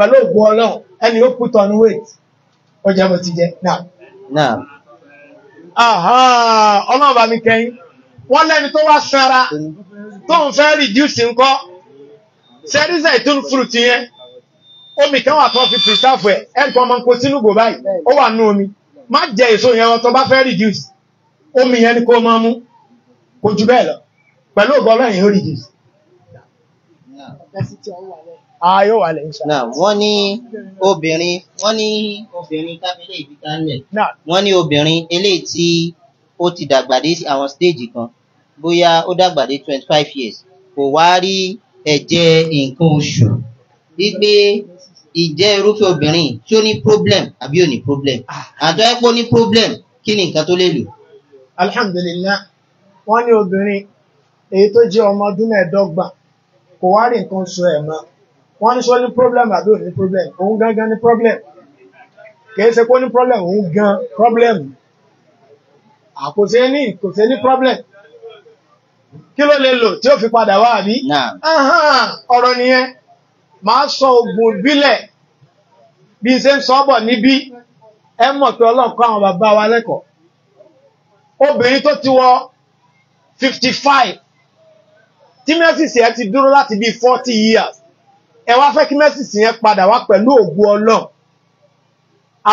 pẹ̀lú ògùn ọlọ́run ẹni ó put on weight ó jẹ́ bó ti jẹ́ náà. náà. ọlọ́run mi kẹ́yìn wọ́n lẹ́ni tó wá sanra tó ń fẹ́ reduce ńkọ́ sẹ́ríṣẹ́ ìtún fruit yẹn omi kan wà tó fi preserve ẹ̀ ẹ̀kọ́ ọmọ nǹkan sínú gò báyìí ó wà nú omi má jẹ èso yẹn wọn tó bá fẹ́ reduce omi yẹn ni kó máa mú kò jù bẹ́ẹ̀ lọ pẹ̀lú ògbọ́n lẹ́yìn ó reduce ayó ah, wà lẹ́yìn ṣá. náà wọ́n ní obìnrin wọ́n ní obìnrin káfílẹ̀ ìbíta ńlẹ̀ wọ́n ní obìnrin eléyìí tí ó ti dàgbà dé àwọn stéèjì kan bóyá ó dàgbà dé twenty five years kò wá rí ẹ̀jẹ̀ nǹkan oṣù wípé ìjẹ́ irúfẹ́ obìnrin tí ó ní problem àbí ò ní problem ah. àtọ́ ẹ̀ pé ó ní problem kí ni nǹkan tó lè lò. alhamdulilayi wọ́n ní obìnrin èyí tó jẹ́ ọmọ ọdún mẹ́ẹ̀ẹ́dọ́gbọ̀n kò wá rí nǹkan oṣù ẹ̀ mọ́ wọ́n ní sọ ní problem àbí ò ní problem òun gangan ní problem kìí ṣe kó ní problem òun gan problème àkòsẹ́ ní kòsẹ́ ní problem kí ló lè lò tí ó fi padà wá àbí ọ̀rọ̀ nìyẹn máa sọ oògùn ìbílẹ̀ bí ṣe ń sọ bọ̀ níbí ẹ mọ̀ pé Ọlọ́run kọ́ àwọn bàbá wa lẹ́kọ̀ọ́ obìnrin tó ti wọ fifty five tí mẹ́sìsì ẹ ti dúró láti bíi forty years ẹ wá fẹ́ kí mẹ́sìsì yẹn padà wá pẹ̀lú ògùn ọlọ́run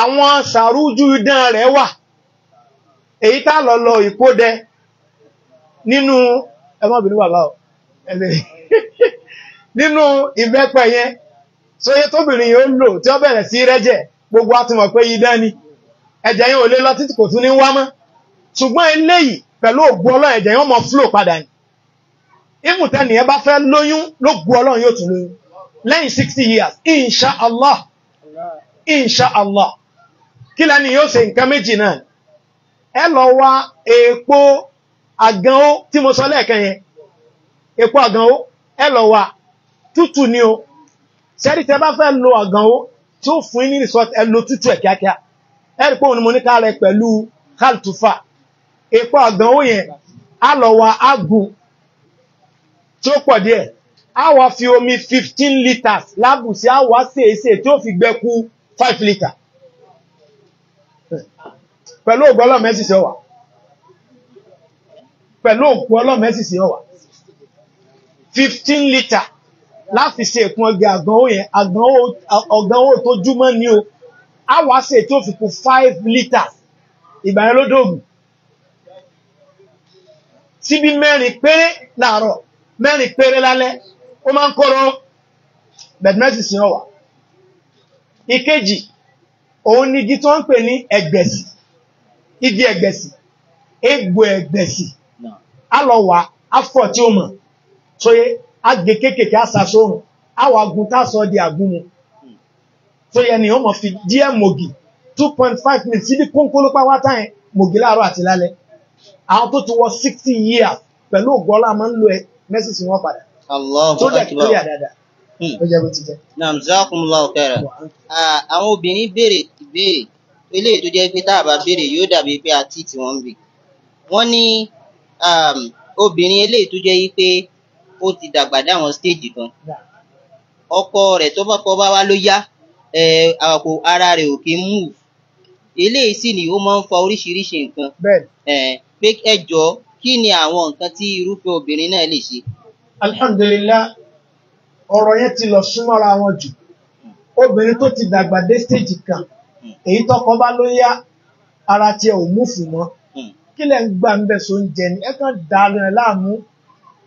àwọn sàrújú dán rẹ̀ wà èyí tá lọ lọ ìkódẹ nínú ẹmọ́bìnrin bàbá ọ̀ nínú ìbẹ́pẹ yẹn sóyé tóbìnrin yóò lò tí ó bẹ̀rẹ̀ sí rẹ́jẹ̀ gbogbo a ti mọ̀ pé idán ni ẹ̀jẹ̀ yẹn ò lé lọ títí kò tún ní wá mọ́ ṣùgbọ́n eléyìí pẹ̀lú ògùn ọlọ́run ẹ̀jẹ̀ yẹn ó mọ flow padà ni ìmùtẹ́nìyẹn bá fẹ́ lóyún ló gu ọlọ́run yóò tún lóyún lẹ́yìn sixty years insha allah insha allah kí lẹ́ni yóò ṣe nǹkan méjì náà ẹ lọ wá epo àgànwó tí mo sọ lẹ́ẹ̀kan yẹn epo àgànwó ẹ lọ wá tútù ni o ṣẹ́rí tẹ bá fẹ́ lo àgànwó tí ó fún ní resort ẹ lo tútù ẹ̀ kíákíá ẹ rí pé òun ni mo ní ká rẹ pẹ̀lú káltùfà epo àgànwó yẹn á lọ wá ágùn tí ó pọ̀ díẹ̀ a wá fi omi fifteen litres lábùsí a wá ṣèṣe tí ó fi gbẹ́kú five litre pẹ̀lú ògbọ́ ọlọ́mẹ́sìsì ọwà pẹ̀lú ògbọ́ ọlọ́mẹ́sìsì ọwà fifteen litre láfi ṣe ìpọn ọgbẹ àgbọn yẹn ọgbọn ó tó júmọ́ ní o a wá ṣe tí ó fi kú five litres ìgbà yẹn ló dóògùn síbi mẹ́rin péré láàárọ̀ mẹ́rin péré lálẹ́ ó máa ń kọ́rọ̀ bẹ̀tẹ̀mẹ́sì sí ọwà ìkejì òun ni igi tó ń pè ní ẹgbẹ̀sì igi ẹgbẹ̀sì egbò ẹgbẹ̀sì alọ́wà afọ́ tí ó mọ̀ tó yẹ agé kéèkèé asàṣórùn àwọ̀ agun tásọ di agúnmu tó yẹ ni ó mọ̀ fi díẹ̀ mògì 2.5 minutes síbi kónkóló pàwátá yẹn mògì láàárọ̀ àti lálẹ́ àwọn tó ti wọ 60 years pẹ̀lú ògbọ́lá máa ń lo ẹ mẹ́sìsì wọn padà tó dà kí lórí àdáadáa ó jẹ́ bó ti jẹ́. naam jazakumullahu khairan àwọn obìnrin béèrè ìbéèrè eléyìí tó jẹ́ pé tá a bá béèrè yóò dàbí pé a tí tiwọn ń bì wọ́n ní obìnrin eléyìí tó jẹ́ pé ó ti dàgbà dáwọn stéèjì kan ọkọ rẹ̀ tó bá kọ bá wá ló yá àpò ara rẹ̀ ò kí ń move eléyìí sì ni ó máa ń fa oríṣiríṣi nǹkan pé ẹjọ́ kí ni àwọn nǹkan tí irúfẹ́ obìnrin náà lè ṣe alhamdulillah ọ̀rọ̀ yẹn ti lọ súnmọ́ra wọn jù obìnrin tó ti dàgbà dé stage kan èyí tọkọ bá ló yá ara tiẹ̀ ò múfù mọ́ kí lẹ̀ ń gbà ń bẹ̀ sọ oúnjẹ ni ẹ kàn dà á lọ́rẹ̀ láàmú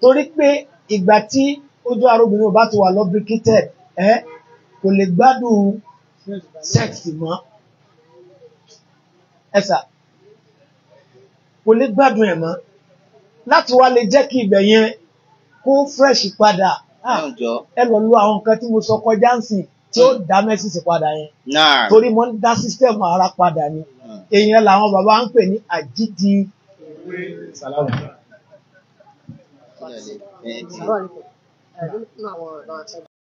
torí pé ìgbà tí ojú ara obìnrin ò bá ti wà lubricated ẹ kò lè gbádùn sex mọ́ ẹ̀sà kò lè gbádùn ẹ̀ mọ́ láti wá lè jẹ́ kí ibẹ̀ yẹn kó fresh padà ah, ẹ lọ lo àwọn nǹkan tí mo sọ kọjá ń tí ó dá mẹ́sìsì padà yẹn torí mo ń dá sísítẹ́ẹ̀mù ara padà ni èèyàn làwọn bàbá ń pè ní àjídì sàlámù.